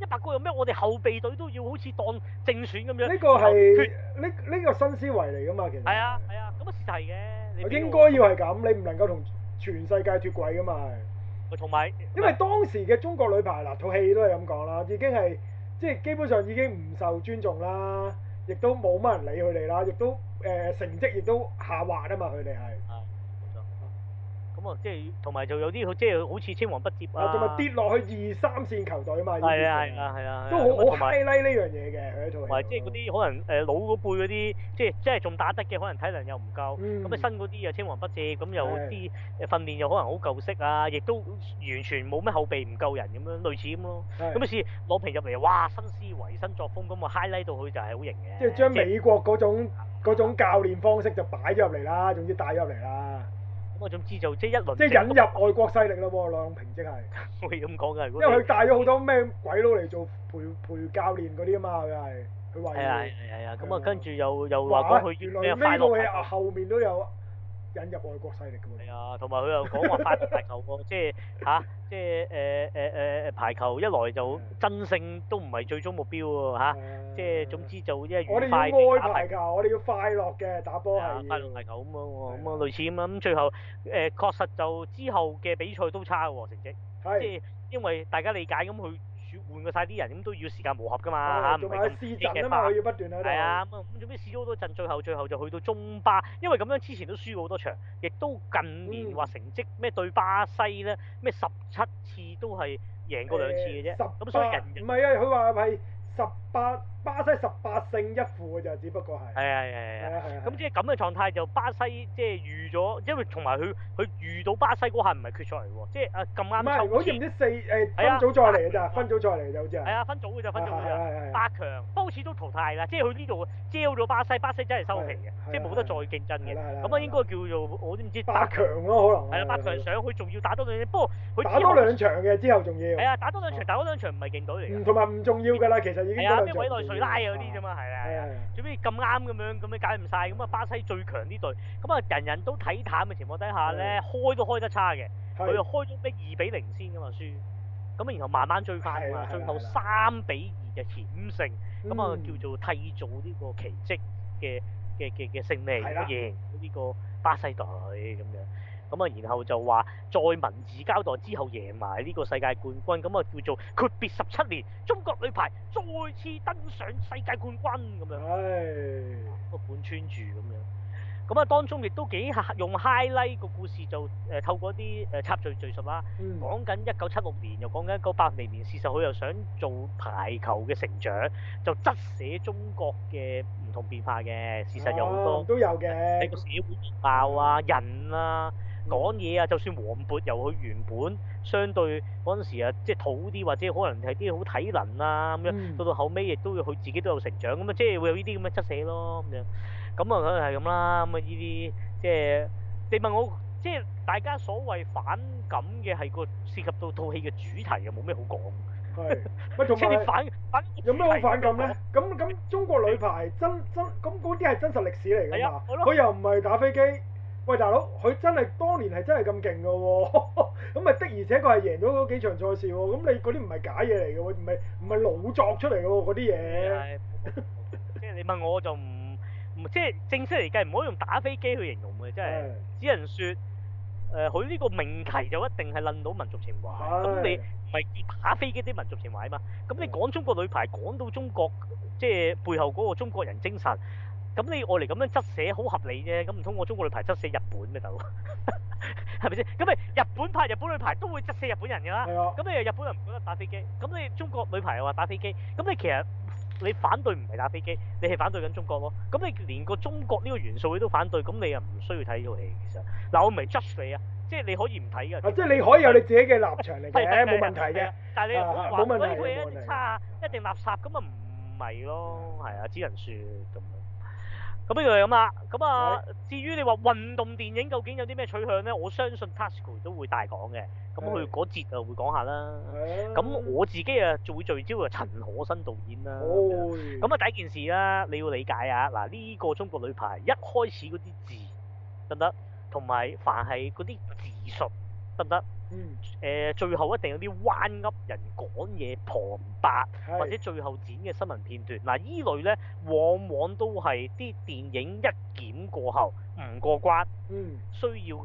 一百、啊、個有咩？我哋後備隊都要好似當正選咁樣。呢個係呢呢個、這個、新思維嚟㗎嘛，其實係啊係啊，咁啊事實嘅，應該要係咁，你唔能夠同全世界脱軌㗎嘛。同埋有，因為當時嘅中國女排嗱套戲都係咁講啦，已經係即係基本上已經唔受尊重啦，亦都冇乜人理佢哋啦，亦都誒、呃、成績亦都下滑啊嘛，佢哋係。啊即係同埋就有啲，即係好似青黃不接啊。同埋跌落去二三線球隊啊嘛，啊啊啊都很好好 high 呢樣嘢嘅。同埋即係嗰啲可能誒、呃、老嗰輩嗰啲，即係即係仲打得嘅，可能體能又唔夠。咁啊、嗯、新嗰啲又青黃不接，咁又啲訓練又可能好舊式啊，亦都完全冇咩後備，唔夠人咁樣，類似咁咯。咁啊是、嗯、試攞平入嚟，哇！新思維、新作風咁啊 highlight 到佢就係好型嘅。即係將美國嗰種嗰種教練方式就擺咗入嚟啦，總之帶咗入嚟啦。嗰種製造即係一輪，即係引入外國勢力啦喎，郎平即係。可以咁講噶，啊、因為佢帶咗好多咩鬼佬嚟做陪陪教練嗰啲啊嘛，又係佢話。係係係啊，咁啊，跟住又又話講去咩後面都有。引入外國勢力㗎嘛，係啊，同埋佢又講話快樂排球，即係嚇，即係誒誒誒誒排球一來就爭勝都唔係最終目標喎嚇，即係總之就即係愉快地打排球，我哋要快樂嘅打波係快樂排球咁樣喎，咁啊類似咁樣，咁最後誒確實就之後嘅比賽都差喎成績，即係因為大家理解咁佢。換過晒啲人，咁都要時間磨合噶嘛嚇，唔係咁勁㗎嘛。係啊，咁做咩試咗好多陣，最後最後就去到中巴，因為咁樣之前都輸好多場，亦都近年話成績咩對巴西咧，咩十七次都係贏過兩次嘅啫。咁、啊、所以人唔係啊，佢話係十八。巴西十八勝一負嘅就，只不過係。係啊係啊係啊咁即係咁嘅狀態就巴西即係遇咗，因為同埋佢佢遇到巴西嗰下唔係決賽嚟喎，即係啊咁啱。唔係，好似唔知四誒分組再嚟嘅咋，分組再嚟嘅好似啊。係啊，分組嘅咋，分組嘅咋。八強，不過好似都淘汰啦，即係佢呢度招咗巴西，巴西真係收皮嘅，即係冇得再競爭嘅。咁啊應該叫做我都唔知八強咯，可能。係啊，八強上佢仲要打多兩，不過打多兩場嘅之後仲要。係啊，打多兩場，打多兩場唔係勁隊嚟。嘅。同埋唔重要㗎啦，其實已經。係啊，最拉嗰啲啫嘛，係啊，做咩咁啱咁樣咁樣解唔晒。咁啊巴西最強呢隊，咁啊人人都睇淡嘅情況底下咧，開都開得差嘅，佢又開咗咩二比零先噶嘛，輸，咁然後慢慢追翻，噶嘛，最後三比二嘅險勝，咁啊叫做締造呢個奇蹟嘅嘅嘅嘅勝利，贏呢個巴西隊咁樣。咁啊，然後就話在文字交代之後贏埋呢個世界冠軍，咁啊叫做闊別十七年，中國女排再次登上世界冠軍咁樣，個貫、哎、穿住咁樣。咁啊，當中亦都幾用 highlight 個故事，就、呃、誒透過啲誒、呃、插敘敘述啦，講緊一九七六年，又講緊一九八零年。事實佢又想做排球嘅成長，就側寫中國嘅唔同變化嘅事實有好多、哦、都有嘅，係、啊、個社會面貌啊，人啊。講嘢啊，就算黃渤由佢原本相對嗰陣時啊，即係土啲或者可能係啲好體能啊咁樣，到、嗯、到後尾亦都要佢自己都有成長，咁啊即係會有呢啲咁嘅質寫咯咁樣，咁啊可能係咁啦，咁啊呢啲即係你問我即係大家所謂反感嘅係個涉及到套戲嘅主題又冇咩好講，唔係即係你反反有咩好反感咧？咁咁中國女排真真咁嗰啲係真實歷史嚟嘅。係呀是，佢又唔係打飛機。喂，大佬，佢真係當年係真係咁勁嘅喎，咁 咪的而且確係贏咗嗰幾場賽事喎、哦，咁你嗰啲唔係假嘢嚟嘅喎，唔係唔係老作出嚟嘅喎嗰啲嘢。即係、啊、你問我就唔唔即係正式嚟計，唔可以用打飛機去形容嘅，即、就、係、是、是只能説誒佢呢個名氣就一定係撚到民族情懷，咁是你唔係打飛機啲民族情懷啊嘛，咁你講的中國女排講到中國即係、就是、背後嗰個中國，中國人精神。咁你愛嚟咁樣執寫好合理啫，咁唔通我中國女排執寫日本咩，大佬？係咪先？咁你日本派日本女排都會執寫日本人㗎啦。係啊的。咁你日本人唔覺得打飛機？咁你中國女排又話打飛機，咁你其實你反對唔係打飛機，你係反對緊中國咯。咁你連個中國呢個元素你都反對，咁你又唔需要睇呢套戲其實。嗱，我唔係 judge 你啊，即係你可以唔睇嘅。即係的你，你可以有你自己嘅立場嚟睇，冇 的問題嘅。 但係你，你可能話嗰啲嘢一差一定垃圾，咁啊唔係咯，係啊，只能説咁。咁不如係咁啦，咁啊的至於你話運動電影究竟有啲咩取向咧，我相信 Tasuku 都、er、會大講嘅，咁佢嗰節就會講下啦。咁的我自己啊最聚焦啊陳可辛導演啦。咁啊、嗯、第一件事啦，你要理解啊，嗱呢、呢個中國女排一開始嗰啲字得唔得？同埋凡係嗰啲字術得唔得？行嗯，誒、呃、最後一定有啲彎噏人講嘢旁白，是或者最後剪嘅新聞片段。嗱、啊，依類咧往往都係啲電影一檢過後唔過關，嗯、需要誒、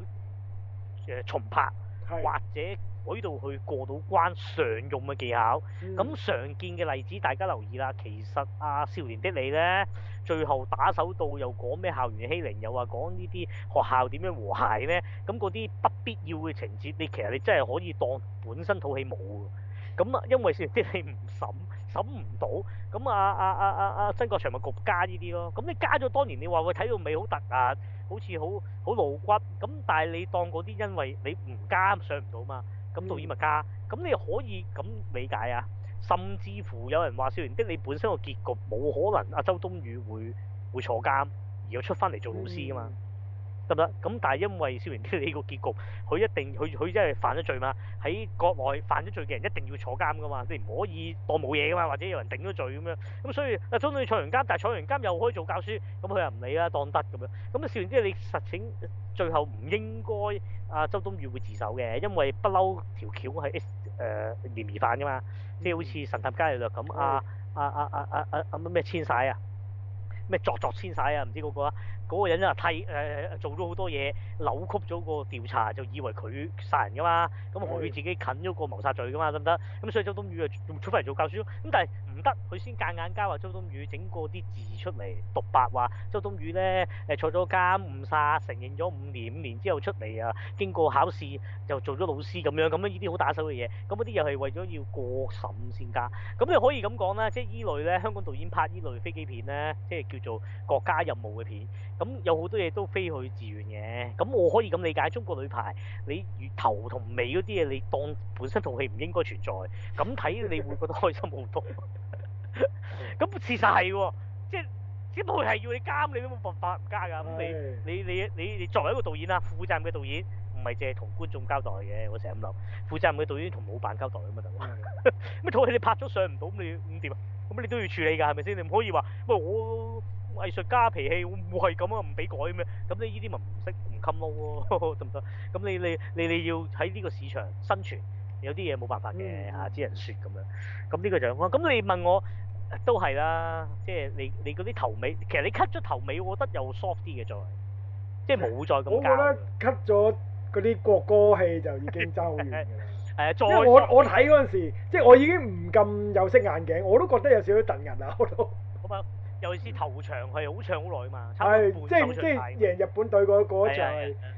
呃、重拍是或者。喺度去過到關常用嘅技巧，咁、嗯、常見嘅例子大家留意啦。其實啊，《少年的你》咧，最後打手度又講咩校園欺凌，又話講呢啲學校點樣和諧咧。咁嗰啲不必要嘅情節，你其實你真係可以當本身套戲冇。咁啊，因為《少年的你》唔審審唔到，咁啊啊啊啊啊，曾國祥咪加呢啲咯。咁你加咗，當年，你話會睇到美好突啊，好似好好露骨。咁但係你當嗰啲，因為你唔加上唔到嘛。咁導演咪加，咁你可以咁理解啊。甚至乎有人話少年的你本身個結局冇可能，阿周冬雨會會坐監而要出翻嚟做老師噶嘛。得唔得？咁但係因為少年啲你個結局，佢一定佢佢真係犯咗罪嘛，喺國內犯咗罪嘅人一定要坐監噶嘛，你唔可以當冇嘢噶嘛，或者有人頂咗罪咁樣。咁、嗯、所以啊，周冬雨坐完監，但係坐完監又可以做教書，咁佢又唔理啦，當得咁樣。咁、嗯、啊，少年啲你實情最後唔應該啊，周冬雨會自首嘅，因為不嬲條橋係誒嫌疑犯噶嘛，即係好似《神探伽利略》咁啊啊啊啊啊啊乜咩千璽啊？啊啊啊啊啊啊咩作作簽曬啊？唔知嗰個啊，嗰、嗰個人啊替誒、呃、做咗好多嘢，扭曲咗個調查，就以為佢殺人㗎嘛，咁佢自己近咗個謀殺罪㗎嘛，得唔得？咁所以周冬雨啊，仲出翻嚟做教書咯，咁但係，得佢先夾硬加話周冬雨整過啲字出嚟讀白話，周冬雨咧誒坐咗監誤殺，承認咗五年五年之後出嚟啊，經過考試就做咗老師咁樣，咁樣呢啲好打手嘅嘢，咁嗰啲又係為咗要過審先加。咁你可以咁講啦，即係依類咧香港導演拍依類飛機片咧，即係叫做國家任務嘅片。咁有好多嘢都非去自願嘅。咁我可以咁理解，中國女排你頭同尾嗰啲嘢，你當本身套戲唔應該存在，咁睇你會覺得開心好多。 咁事 實係喎，即係只不過係要你加，你都冇辦法唔加㗎。咁你你你你你作為一個導演啊，負責嘅導演，唔係凈係同觀眾交代嘅。我成日咁諗，負責嘅導演同老闆交代啊嘛，就乜套戲你拍咗上唔到，咁你點啊？咁你都要處理㗎，係咪先？你唔可以話，喂，我藝術家脾氣，我係咁啊，唔俾改咩？樣。咁你呢啲咪唔識唔襟撈咯？得唔得？咁你你你你要喺呢個市場生存，有啲嘢冇辦法嘅嚇，只能説咁樣。咁呢個就咁、啊，你問我。都係啦，即、就、係、是、你你嗰啲頭尾，其實你 cut 咗頭尾，我覺得又 soft 啲嘅，再即係冇再咁夾。我覺得 cut 咗嗰啲國歌戲就已經爭好遠誒，因 我我睇嗰陣時，即係我已經唔咁有色眼鏡，我都覺得有少少褪人啊，我都。好嘛，尤其是頭場係好、嗯、長好耐啊嘛，即係即係贏日本隊嗰嗰場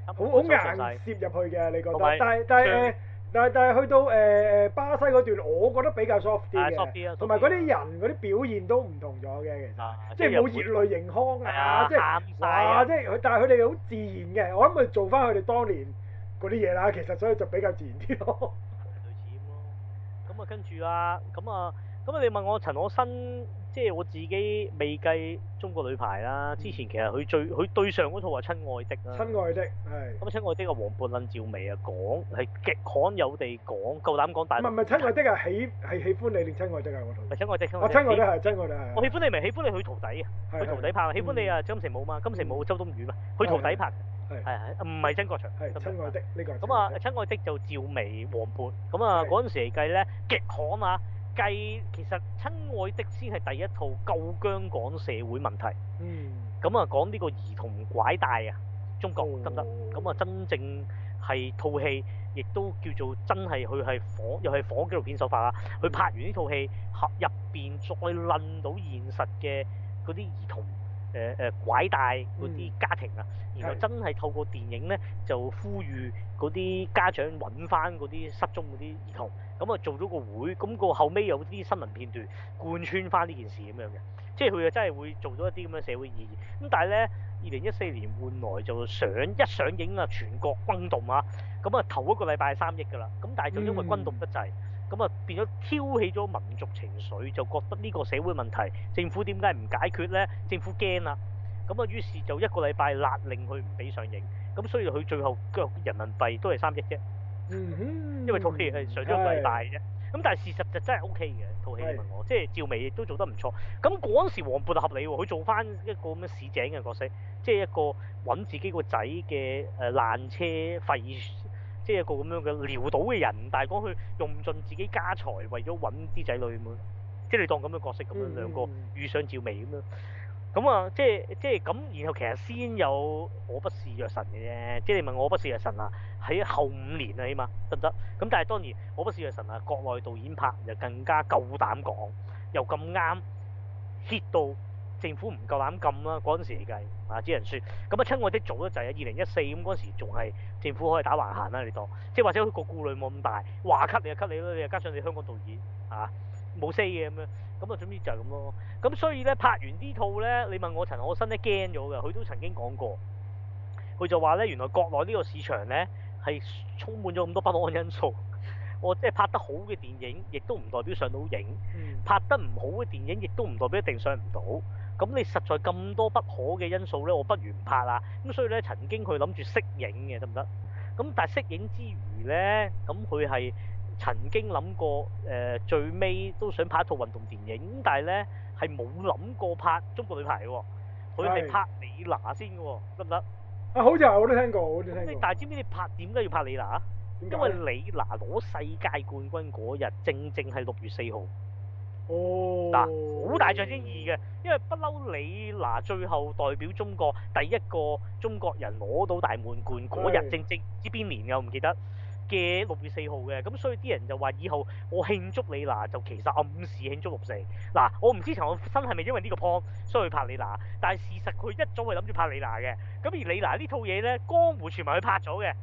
好好硬攝入去嘅，你覺得？但但誒。但係但係去到誒、呃、巴西嗰段，我覺得比較 soft 啲嘅，同埋嗰啲人嗰啲、啊、表現都唔同咗嘅，其實、啊、即係冇熱淚盈眶啊，啊，即係了哇，即係佢，但係佢哋好自然嘅，我諗佢做翻佢哋當年嗰啲嘢啦，其實所以就比較自然啲咯。類似咁 啊，跟住啦，咁啊，咁啊，你問我陳可辛。即係我自己未計中國女排啦。之前其實佢最佢對上嗰套係親愛的啦。親愛的，係。咁親愛的個黃渤趙薇啊，講係極罕有地講夠膽講大。唔係唔係親愛的啊，喜係喜歡你，定親愛的啊嗰套。親愛的親愛的。我親愛的係親愛的我喜歡你咪喜歡你佢徒弟啊，佢徒弟拍。喜歡你啊金城武嘛，金城武周冬雨嘛，佢徒弟拍。係係唔係曾國祥。係親愛的呢個。咁啊親愛的就趙薇黃渤，咁啊嗰陣時嚟計咧極罕啊。計其實親愛的先係第一套夠香港社會問題，咁啊、嗯、講呢個兒童拐帶啊，中國得唔得？咁啊、哦、真正係套戲，亦都叫做真係佢係仿又係仿紀錄片手法啊。佢拍完呢套戲，入邊再論到現實嘅嗰啲兒童。誒誒、呃、拐帶嗰啲家庭啊，嗯、然後真係透過電影咧，就呼籲嗰啲家長揾翻嗰啲失蹤嗰啲兒童，咁啊做咗個會，咁、個後尾有啲新聞片段貫穿翻呢件事咁樣嘅，即係佢又真係會做咗一啲咁嘅社會意義。咁但係咧，二零一四年換來就上一上映啊，全國轟動啊。咁啊頭一個禮拜三億㗎啦，咁但係就因為轟動得滯。嗯。咁啊變咗挑起咗民族情緒，就覺得呢個社會問題，政府點解唔解決咧？政府驚啦，咁啊於是就一個禮拜勒令佢唔俾上映，咁所以佢最後嘅人民幣都係三億啫、嗯。嗯哼。因為套戲係上咗一個禮拜啫。咁是但係事實就真係 O K 嘅套戲，問我是即係趙薇亦都做得唔錯。咁嗰陣時黃渤就合理喎，佢做翻一個咁嘅市井嘅角色，即係一個揾自己個仔嘅誒爛車廢。即係一個咁樣嘅潦倒嘅人，但係講佢用盡自己家財為咗揾啲仔女咁咯。即係你當咁嘅角色，咁樣兩個遇上趙薇咁樣。咁啊，即係即係咁，然後其實先有我我、啊行行《我不是藥神》嘅啫。即係你問《我不是藥神》啊，喺後五年啊，起碼得唔得？咁但係當然，《我不是藥神》啊，國內導演拍就更加夠膽講，又咁啱 hit 到。政府唔夠膽禁啦，嗰陣時嚟計啊，只能説咁啊，親愛的早得滯啊，二零一四咁嗰陣時仲係政府可以打橫行啦，你當即係或者佢個顧慮冇咁大，話 cut 你啊 cut 你咯，你又加上你香港導演嚇冇、啊、say 嘅咁、啊、樣，咁啊總之就係咁咯。咁、啊、所以咧拍完呢套咧，你問我陳可辛咧驚咗嘅，佢都曾經講過，佢就話咧原來國內呢個市場咧係充滿咗咁多不安因素，我即係拍得好嘅電影，亦都唔代表上到影；嗯、拍得唔好嘅電影，亦都唔代表一定上唔到。咁你實在咁多不可嘅因素咧，我不如唔拍啦。咁所以咧，曾經佢諗住息影嘅，得唔得？咁但係息影之餘咧，咁佢係曾經諗過誒、呃，最尾都想拍一套運動電影。但係咧，係冇諗過拍中國女排嘅、哦。佢係的拍李娜先嘅，得唔得？啊，好似係我都聽過。咁你但係知唔知你拍點解要拍李娜？為因為李娜攞世界冠軍嗰日，正正係六月四號。哦，嗱，好大象徵意義嘅，因為不嬲李娜最後代表中國第一個中國人攞到大滿貫嗰日正正，正正知邊年嘅，我唔記得嘅六月四號嘅，咁所以啲人就話以後我慶祝李娜就其實暗示慶祝六四，嗱、啊，我唔知陳可辛係咪因為呢個 point 所以去拍李娜，但係事實佢一早係諗住拍李娜嘅，咁而李娜套呢套嘢咧江湖傳聞去拍咗嘅，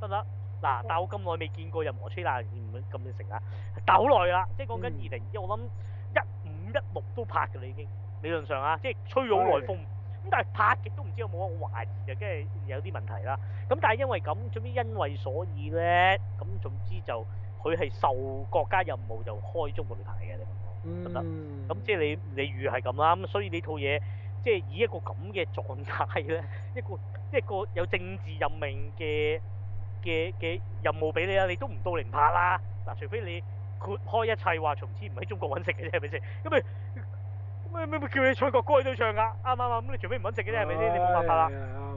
得唔得？嗱、啊，但我咁耐未見過任何吹啦咁咁成啦，但好耐啦，即係講緊二零一。我諗、嗯。一目都拍㗎啦，已經理論上啊，即係吹好耐風咁，但係拍極都唔知有冇一個懷疑嘅，即係有啲問題啦。咁但係因為咁，最尾因為所以咧，咁總之就佢係受國家任務就開中國女排嘅，你明唔明？嗯。咁即係你你預係咁啦，咁所以呢套嘢即係以一個咁嘅狀態咧，一個一個有政治任命嘅嘅嘅任務俾你啊，你都唔到你唔拍啦，嗱，除非你。豁開一切話從此唔喺中國揾食嘅啫係咪先？咁咪？咩咩叫你唱國歌，歌都唱噶，啱啱啱？咁你除非唔揾食嘅啫係咪先？你冇辦法啦，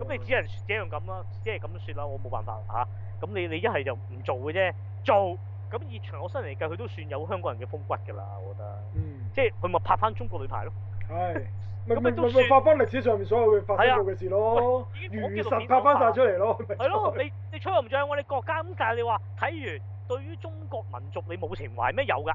咁、哎、呀你只能這樣咁啦，即係咁説啦，我冇辦法嚇。咁、啊、你你一係就唔做嘅啫，做。咁以長我身嚟計，佢都算有香港人嘅風骨㗎啦，我覺得。嗯、即係佢咪拍翻中國女排咯？係是。咁咪都算不不不不不發翻歷史上面所有嘅發生過嘅事咯，已經、哎、拍翻晒出嚟咯。係 呀 咯，你你唱唔唱我哋國家咁？但係你話睇完。對於中國民族，你冇情懷咩？有噶！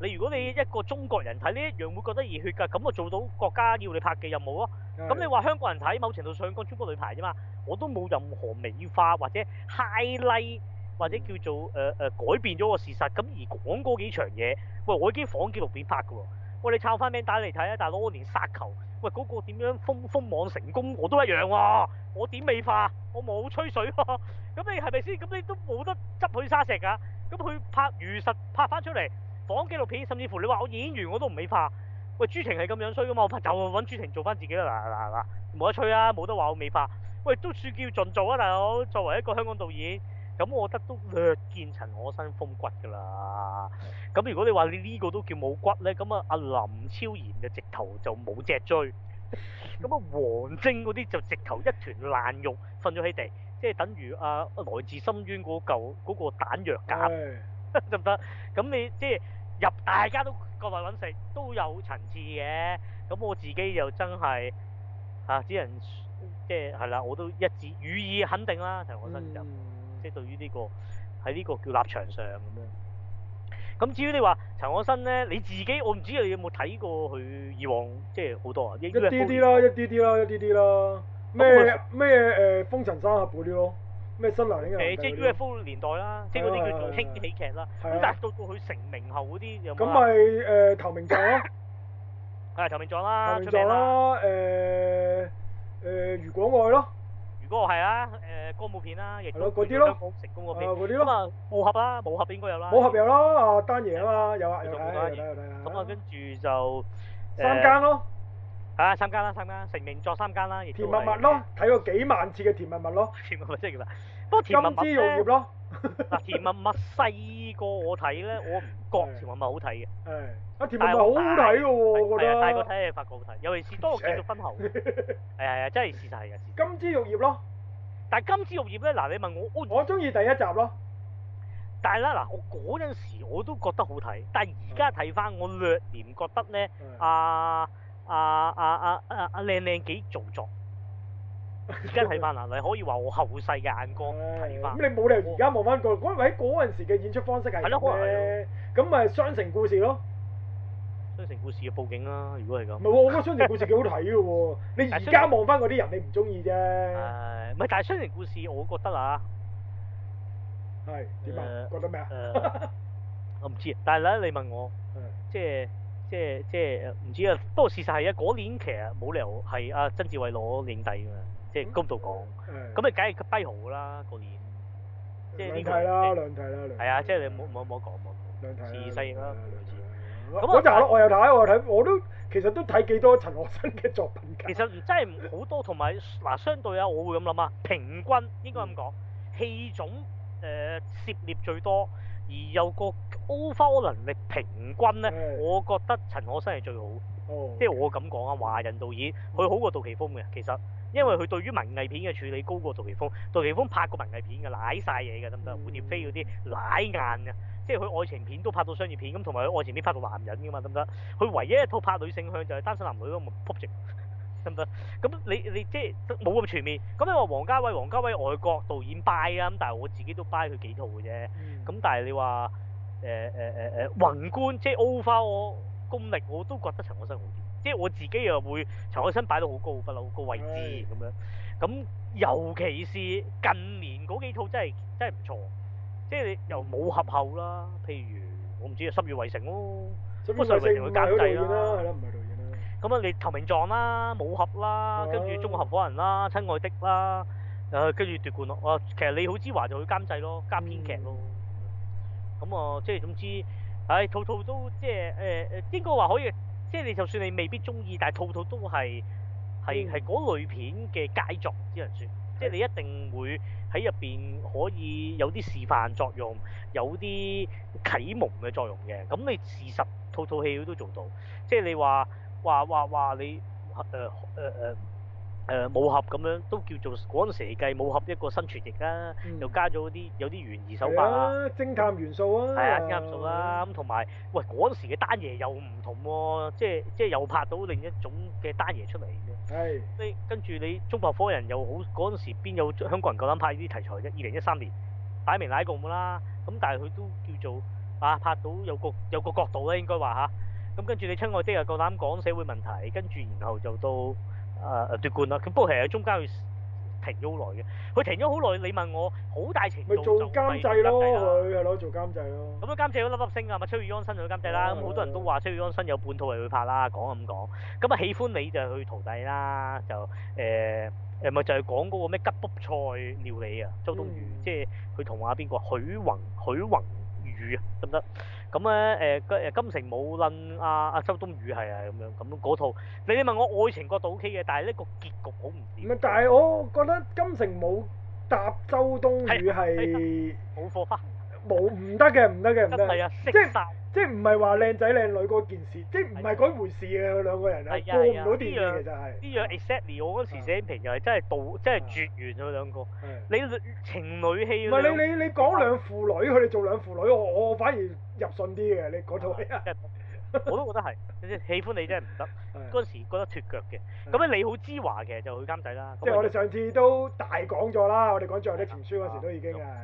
你如果你一個中國人睇呢一樣，會覺得熱血噶，咁我做到國家要你拍嘅任務咯。咁的你話香港人睇，某程度上講，中國女排啫嘛，我都冇任何美化或者 highlight 或者叫做誒誒、呃呃、改變咗個事實。咁而講嗰幾場嘢，喂，我已經仿紀錄片拍噶喎。喂，你抄翻名帶嚟睇啊，大佬，我連殺球，喂，嗰個點樣封封網成功，我都一樣喎。我點美化，我冇吹水咯。咁你係咪先？咁你都冇得執佢沙石噶。咁佢拍如實拍翻出嚟，仿紀錄片，甚至乎你話我演員，我都唔美化。喂，朱婷係咁樣衰噶嘛，我拍就揾朱婷做翻自己啦，嗱嗱嗱，冇得吹啊，冇得話我美化。喂，都算叫盡做啊，大佬，作為一個香港導演。咁我覺得都略見陳可辛風骨㗎啦。咁如果你話你呢個都叫冇骨咧，咁啊阿林超然嘅直頭就冇脊椎，咁啊王晶嗰啲就直頭一團爛肉瞓咗喺地，即係等於阿、啊、來自深淵嗰嚿嗰個彈、那個、藥夾得唔得？咁、哎、你即係入大家都各為揾食都有層次嘅，咁我自己又真係嚇、啊、只能即係係啦，我都一致予以肯定啦，陳可辛就。嗯即係對於呢、呢個喺呢個叫立場上咁樣，咁至於你話陳可辛咧，你自己我唔知你有冇睇過佢以往即係好多啊，一啲啲啦，一啲啲啦，一啲啲啦，咩咩誒《風塵三俠》嗰啲咯，咩《新郎、呃》啲、就、嘢、係。誒，即係 UFO 年代啦，即係嗰啲叫做輕喜劇啦。咁、啊啊啊啊、但到到佢成名後嗰啲有冇？咁咪誒《投名狀》啊？係《 投名狀》啦，名啦出名啦、啊。誒、呃、誒，呃《如、呃、果、呃、愛》咯。嗰個係啊，誒歌舞片啦、啊，亦都嗰啲咯，成歌舞片，咁啊，武俠啦，武俠應該有啦，武俠有咯，阿丹爺啊嘛，有啊，咁啊，跟住就三間咯，間咯啊，三間啦，三間，成名作三間啦，甜蜜蜜咯，睇過幾萬次嘅甜蜜蜜咯，甜 蜜蜜即係叫，不過甜蜜蜜、金枝玉葉咯，甜 蜜蜜西。個我睇咧，我唔覺田雲咪好睇嘅，啊田雲好睇嘅喎，我覺得，大個睇你發覺好睇，尤其是當結咗婚後，係係係，真係事實係嘅。金枝玉葉咯，但係金枝玉葉咧，嗱你問我，我我中意第一集咯，但係咧嗱，我嗰陣時我都覺得好睇，但係而家睇返，我略嫌覺得咧，阿阿阿阿阿靚靚幾做作。而家睇翻啊，你可以話我後世嘅眼光睇翻。咁你冇理由而家望翻個，嗰喺嗰陣時嘅演出方式係咩咧？咁咪雙城故事咯。雙城故事嘅佈景啦，如果係咁。唔係喎，我覺得雙城故事幾好睇嘅喎。 你，你而家望翻嗰啲人，你唔中意啫。誒，唔係，但係雙城故事我覺得啊，係點啊？呃、覺得咩啊、呃？我唔知，但係咧，你問我，即係即係即係唔知啊。不過事實係啊，嗰年其實冇理由係阿曾志偉攞影帝㗎嘛。即係公道講，咁你梗係跛豪啦嗰年，即係呢個係啦，兩題啦，兩係啊，即係你冇冇冇講，冇冇兩題，自細啦，兩次。咁我睇我又睇我又睇，我都其實都睇幾多陳可辛嘅作品其實真係好多，同埋嗱，相對啊，我會咁諗啊，平均應該咁講，戲種誒涉獵最多，而有個 overall 能力平均咧，我覺得陳可辛係最好。即係、哦 okay，我咁講啊，華人導演佢好過杜琪峰嘅，其實因為佢對於文藝片嘅處理高過杜琪峰。杜琪峰拍過文藝片嘅，賴晒嘢嘅，得唔得？嗯、胡蝶飛嗰啲賴硬嘅，即係佢愛情片都拍到商業片，咁同埋佢愛情片拍到男人噶嘛，得唔得？佢唯一一套拍女性向就係《單身男女》咯，唔撲直，得唔得？咁你你，你即係冇咁全面。咁你話王家衛，王家衛外國導演，buy 啦，咁但係我自己都 buy 佢幾套嘅啫。咁、嗯、但係你話誒誒誒誒宏觀，即係 o v e r a 功力我都覺得陳可辛好啲，即係我自己又會陳可辛擺到好高不嬲個位置咁、哎、樣。咁尤其是近年嗰幾套真係真係唔錯，即係由武俠後啦，譬如我唔知啊，《十月圍城》咯、啊，不過《十月圍城》佢監製啦，係啦，唔係導演啦。咁啊，你《投名狀》啦，《武俠》啦的，跟住《中國合伙人》啦，《親愛的》啦、呃，誒，跟住《奪冠》咯。哇，其實你好之華就去監製咯，加編劇咯。咁啊、嗯，即係總之。總之總之總之唉，套套、哎、都即係誒誒，應該話可以，即係你就算你未必中意，但係套套都係係係嗰類片嘅佳作，只能説，即係你一定會喺入邊可以有啲示範作用，有啲啟蒙嘅作用嘅。咁你事實套套戲都做到，即係你話話話話你誒誒誒。呃呃呃誒、呃、武俠咁樣都叫做嗰陣時計武俠一個新詮釋啦，嗯、又加咗啲有啲懸疑手法啦、啊，偵、啊、探元素啊，係啊啱數啦，咁、啊、同埋喂嗰陣時嘅丹爺又唔同喎，即係即係又拍到另一種嘅丹爺出嚟啫，係是，跟跟住你《中國合伙人》又好，嗰陣時邊有香港人夠膽拍呢啲題材啫？二零一三年擺明乃過冇啦，咁但係佢都叫做啊拍到有個有個角度啦，應該話吓，咁、啊、跟住你《親愛的》又夠膽講社會問題，跟住然後就到。誒誒奪冠啦、啊，佢不過其實喺中間佢停咗好耐嘅，佢停咗好耐，你問我好大程度做監製咯，佢係咯做監製咯，咁啊監製都粒粒星㗎，咪七月安生做監製啦，咁好、嗯、多人都話七月安生有半套係會拍啦，講咁講，咁啊喜歡你就係佢徒弟啦，就誒誒咪就係、是、講嗰個咩吉卜菜料理啊，周冬雨、嗯、即係佢同啊邊個啊，許宏許宏宇啊得唔得？行咁咧誒金誒金城武撚阿阿周冬雨係啊，咁樣咁嗰套，你問我愛情角度 O K 嘅，但係呢個結局好唔掂。唔係，但係我覺得金城武搭周冬雨係冇火花，冇唔得嘅，唔得嘅，唔得。即係即係唔係話靚仔靚女嗰件事，即係唔係嗰一回事嘅，兩個人係過唔到電嘅，其實係。呢樣 exactly，我嗰時寫影評又係真係導真係絕緣咗兩個。你情侶戲唔係你你你講兩父女，佢哋做兩父女，我我反而。入信啲嘅，你嗰套戲， 我都覺得係。喜歡你真係唔得，嗰陣 的時覺得脫腳嘅。咁的你好之華嘅就去監製啦。即係我哋上次都大講咗啦，的我哋講《最後啲情書》嗰時都已經啊。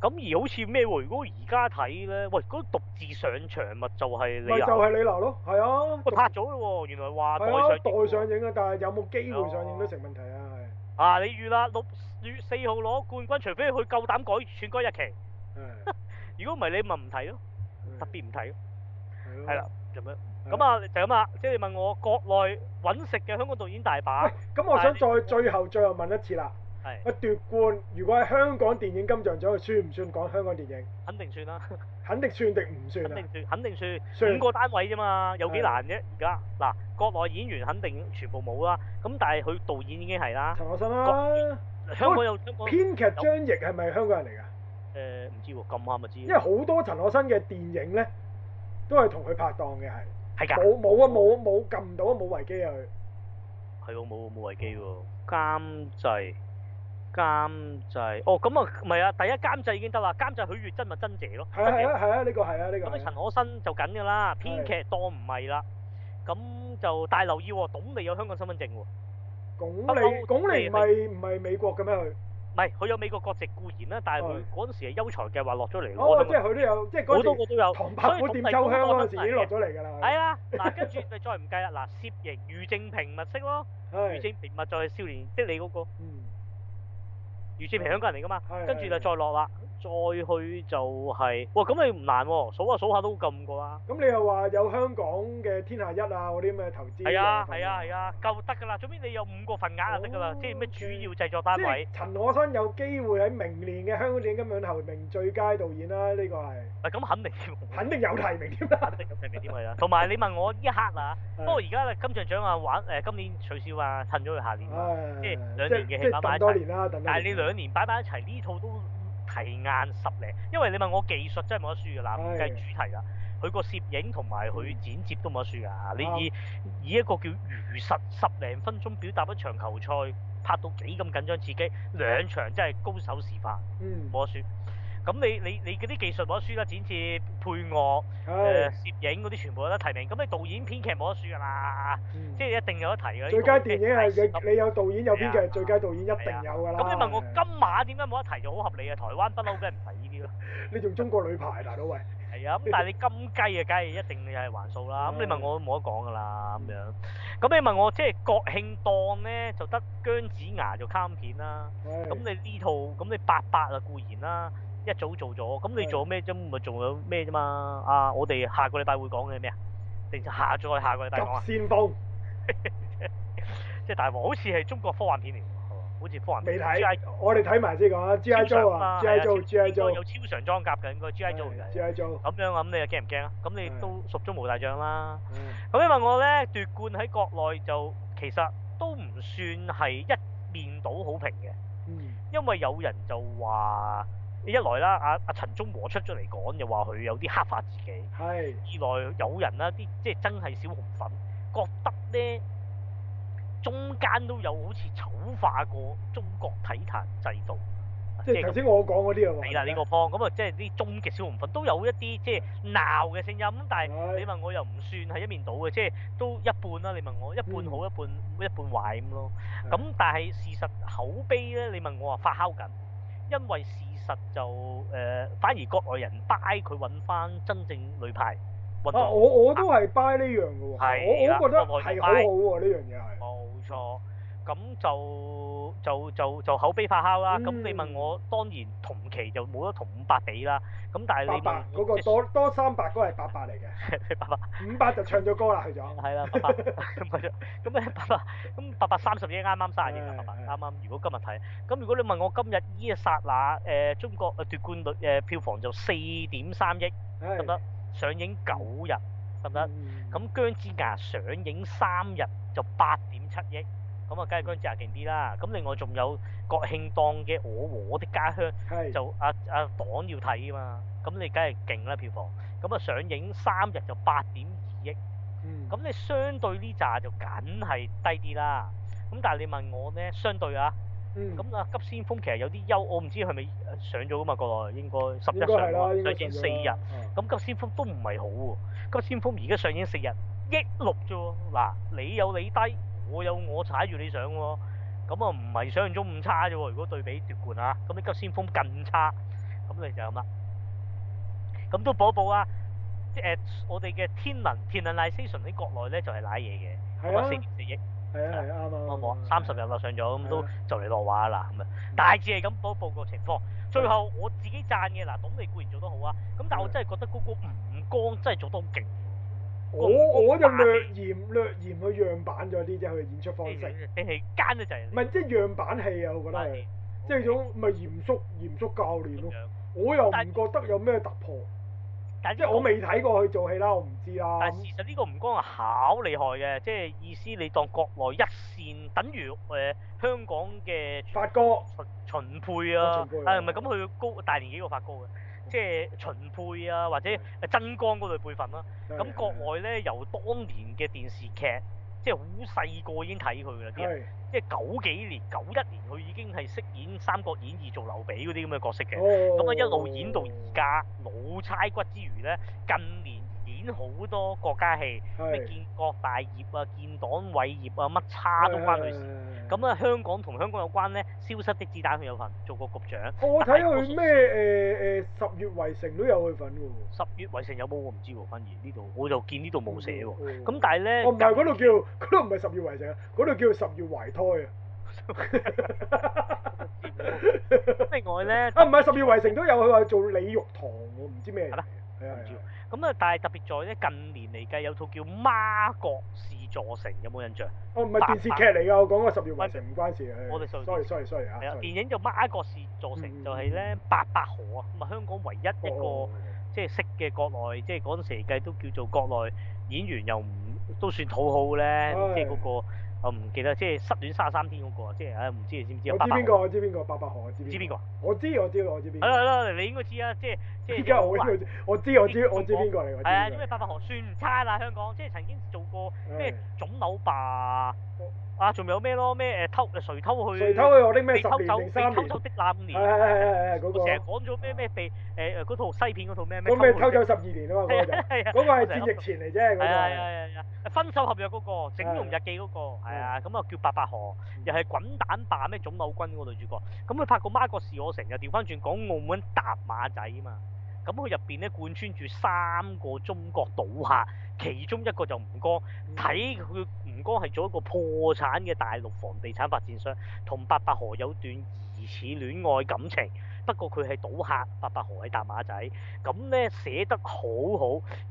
咁而好似咩喎？如果而家睇咧，喂，嗰個獨自上場咪就係李娜。就係李娜咯，係啊。我拍咗咯喎，原來話待上待上映啊，但係有冇機會上映都成問題啊。啊，你預啦，六月四號攞冠軍，除非佢夠膽改，篡改日期。如果唔係你咪唔睇咯，特別唔睇咯，係啦，咁樣。咁啊就咁啊，即係你問我國內揾食嘅香港導演大把，咁我想再最後最後問一次啦。係。我奪冠，如果喺香港電影金像獎，算唔算講香港電影？肯定算啦，肯定算，定唔算，肯定算，肯定算。五個單位啫嘛，有幾難啫？而家嗱，國內演員肯定全部冇啦，咁但係佢導演已經係啦。陳可辛啦，香港有編劇張譯係咪香港人嚟㗎？誒，唔知喎，咁啱咪知。因為好多陳可辛嘅電影咧，都係同佢拍檔嘅係。係噶。冇冇啊，冇冇撳到啊，冇維基啊佢。係哦，冇冇維基喎。監製，監製，哦咁啊，唔係啊，第一監製已經得啦，監製許月珍咪真姐咯。係啊係啊，呢個係啊呢個。咁啊陳可辛就緊噶啦，編劇檔唔係啦，咁就大留意，鞏俐有香港身份證喎。鞏俐，鞏俐唔係唔係美國嘅咩佢？唔係，佢有美國國籍固然啦，但係佢嗰陣時係優才計劃落咗嚟咯。好多個都有，不不香啊，所以佢咁係當時已經落咗嚟㗎啦。係啊的，嗱， 跟住你再唔計啦。嗱，攝影、余正平、物色咯，余正平物色係少年即係你嗰個，余正平香港人嚟㗎嘛，跟住就再落啦。的再去就係，哇！咁你唔難喎，數下數下都咁過啊。咁你又話有香港嘅天下一啊，嗰啲咩投資？係啊係啊係啊，夠得噶啦。總之你有五個份額就得噶啦。即係咩主要製作單位？陳可辛有機會喺明年嘅香港電影金像獎提名最佳導演啦，呢個係。唔咁肯定肯定有提名添啦，肯定有提名添㗎啦。同埋你問我一刻啊，不過而家金像獎啊玩誒，今年取消啊，趁咗佢下年，即係兩年嘅戲擺擺多年啦，但係你兩年擺擺一齊呢套都。係啱十零，因為你問我技術真係冇得輸嘅嗱，唔計主題啦，佢個攝影同埋佢剪接都冇得輸㗎。你以以一個叫如實十零分鐘表達一場球賽，拍到幾咁緊張刺激，兩場真係高手示範，冇得輸。咁、嗯、你你你嗰啲技術冇得輸啦，剪接。配樂、誒攝影嗰啲全部有得提名，咁你導演編劇冇得輸㗎啦，即係一定有得提嘅。最佳電影係你你有導演有編劇，最佳導演一定有㗎啦。咁你問我金馬點解冇得提就好合理啊。台灣不嬲俾人唔提呢啲咯。你仲中國女排，大佬喂。係啊，咁但係你金雞啊梗係一定你係還數啦，咁你問我都冇得講㗎啦咁樣。咁你問我即係國慶檔咧，就得姜子牙就慘片啦。咁你呢套，咁你八八啊固然啦。一早做咗，咁你做咩啫？咪做咗咩啫嘛？啊，我哋下個禮拜會講嘅咩啊？定下載下個禮拜講？急先鋒，即係大王，好似係中國科幻片嚟，好似科幻片。你睇。我哋睇埋先講啊，G I 做啊，G I 做，G I 做，有超常裝甲嘅個 G I 做，G I 做。咁樣啊？咁你驚唔驚啊？咁你都蜀中無大將啦。咁你問我咧，奪冠喺國內就其實都唔算係一面倒好評嘅，因為有人就話。一來啦，阿、啊、阿、啊、陳忠和出咗嚟講，又話佢有啲黑化自己；是二來有人啦，啲即係真係小紅粉，覺得咧中間都有好似醜化過中國體壇制度，即係頭先我講嗰啲啊嘛。係啦，呢、這個方咁啊，即係啲終極小紅粉都有一啲即係鬧嘅聲音，但係是你問我又唔算係一面倒嘅，即係都一半啦。你問我一半，嗯、一半好，一半一半壞咁咯。咁是但係事實口碑咧，你問我啊發酵緊，因為是。實就誒、呃，反而國外人 buy 佢揾翻真正女排運、啊、我我都係 buy 呢樣嘅喎，的我我覺得係好好啊，呢樣嘢係。冇錯。咁就就就就口碑發酵啦。咁你問我，當然同期就冇得同五百比啦。咁但係你問嗰個多多三百嗰，係八百嚟嘅，八百。五百就唱咗歌啦，去咗。係啦，咁佢咁咧八百，咁八百三十億啱啱三十億啦係嘛，啱啱。如果今日睇，咁如果你問我今日呢一剎那，誒中國誒奪冠率誒票房就四點三億，得唔得？上映九日，得唔得？咁姜子牙上映三日就八點七億。咁啊，梗係姜子牙勁啲啦！咁另外仲有國慶檔嘅我和我的家鄉，就阿阿黨要睇啊嘛。咁你梗係勁啦，票房。咁啊，上映三日就八點二億。嗯。咁你相對呢扎就梗係低啲啦。咁但係你問我咧，相對啊，咁啊急先鋒其實有啲優，我唔知係咪上咗㗎嘛？國內應該十一上啊，上映四日。嗯。咁急先鋒都唔係好喎。急先鋒而家上映四日，億六啫喎。嗱，你有你低。我有我踩住你上喎，咁啊唔係想象中咁差啫喎。如果對比奪冠啊，咁你急先鋒更差，咁你就咁啦。咁都報一報啊，即係誒我哋嘅天能天能 Lite Vision 喺國內咧就係瀨嘢嘅，咁啊四月二億，係啊係啱啊，三十日啦上咗，咁都就嚟落畫啦，咁啊，大致係咁報一報個情況。最後我自己贊嘅嗱，董你固然做得好啊，咁但係我真係覺得嗰個吳江真係做得好勁。我我就略嫌略嫌佢樣板咗啲啫，佢演出方式。定係奸得滯？唔係即係樣板戲啊！我覺得係，氣即係種咪係 Okay. 嚴肅嚴肅教練咯、啊。仰我又唔覺得有咩突破。但是即係我未睇過佢做戲啦、啊，我唔知啊，但係事實呢個唔光係巧厲害嘅，即係意思你當國內一線，等於誒、呃、香港嘅發哥秦秦沛啊，係咪咁？佢、啊、高大年紀過發哥嘅。即係秦沛啊，或者曾江嗰類輩份啦。咁的國內咧，由當年嘅電視劇，即係好細個已經睇佢噶啦。啲人的即係九幾年、九一年，佢已經係飾演《三國演義》做劉備嗰啲咁嘅角色嘅。咁啊、哦，一路演到而家老差骨之餘咧，近年演好多國家戲，咩的建國大業啊、建黨偉業啊，乜叉都關佢事的。的咁啊，香港同香港有關咧，消失的子彈，佢有份做過局長。我睇佢咩誒誒，十月圍城都有佢份㗎喎。十月圍城有冇我唔知喎，反而呢度我就見呢度冇寫喎。咁但係咧，我唔係嗰度叫，嗰度唔係十月圍城，嗰度叫十月懷胎啊。另外咧，啊唔係十月圍城都有佢話做李玉堂喎，唔知咩嚟？係啦，係啊。唔知。咁啊，但係特別在咧，近年嚟計，有套叫《孖國事》。座城有冇印象？我唔係電視劇嚟㗎，我講個十月圍城唔關事我哋 s sorry, s sorry, sorry, s o o r r r r y y 衰 r 衰啊！電影就一國事，座城就係咧，八百河。啊、嗯，咁啊香港唯一一個、哦、即係識嘅國內，哦 okay. 即係嗰陣時計都叫做國內演員又唔都算討好咧，哎、即係嗰、嗰個。我唔記得，即係失戀三十三天嗰個即係唉，唔知你知唔知我知邊個，我知邊個，八百河我知邊？知邊個？我知，我知，我知邊？係啦係啦，你應該知啊！即係即係，我知我知我知我知邊個嚟？係啊，因為八百河算差啦，香港即係曾經做過咩腫瘤吧。啊，仲有咩咯？咩誒偷誒誰偷去？誰偷去我啲咩十偷走，被偷走的那五年。成日講咗咩咩被誒嗰套西片嗰套咩？咩，咪偷走十二年啊嘛嗰個就，嗰個係剪翼前嚟啫嗰個。係啊係啊係啊！分手合約嗰個，整容日記嗰個，係啊，咁啊叫白百何，又係滾蛋吧咩腫瘤君嗰個女主角。咁佢拍過媽個事，我成日調翻轉講澳門搭馬仔啊嘛。咁佢入邊咧貫穿住三個中國賭客，其中一個就唔哥睇佢。剛係做一個破產嘅大陸房地產發展商，同白百何有段疑似戀愛感情。不過佢係賭客，白百何係打馬仔。咁呢寫得好好，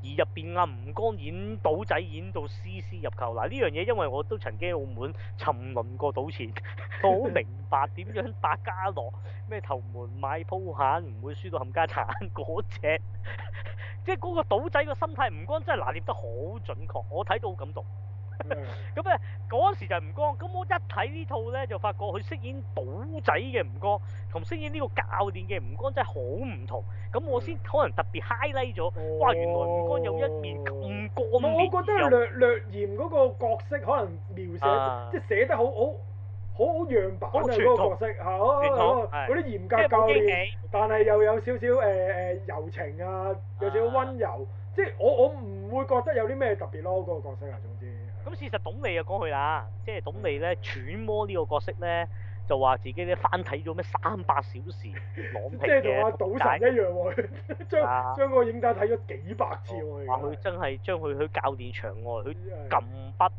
而入邊啊吳剛演賭仔演到絲絲入扣。嗱呢樣嘢，因為我都曾經澳門沉淪過賭錢，都好明白點樣百家樂咩頭門買鋪閒唔會輸到冚家鏟嗰隻，即係嗰個賭仔個心態。吳剛真係拿捏得好準確，我睇到好感動。咁咧，嗰 時就係吳剛。咁我一睇呢套咧，就發覺佢飾演賭仔嘅吳剛，同飾演呢個教練嘅吳剛，真係好唔同。咁我先可能特別 highlight 咗，哦、哇！原來吳剛有一面咁幹，我覺得略略嚴嗰個角色，可能描寫、啊、即係寫得好好好好樣板啊！嗰個角色嚇啲、哦統哦、嚴格教練，但係又有少少誒誒、呃、柔情啊，有少少溫柔。啊、即係我我唔會覺得有啲咩特別咯，嗰、嗰個角色嚟。咁事實董麗啊講佢啦，即係董麗咧揣摩呢個角色咧，就話自己咧翻睇咗咩三百小時郎平，即係同阿賭神一樣喎，將將個影帶睇咗幾百次喎。話佢真係將佢去教練場外，佢撳筆，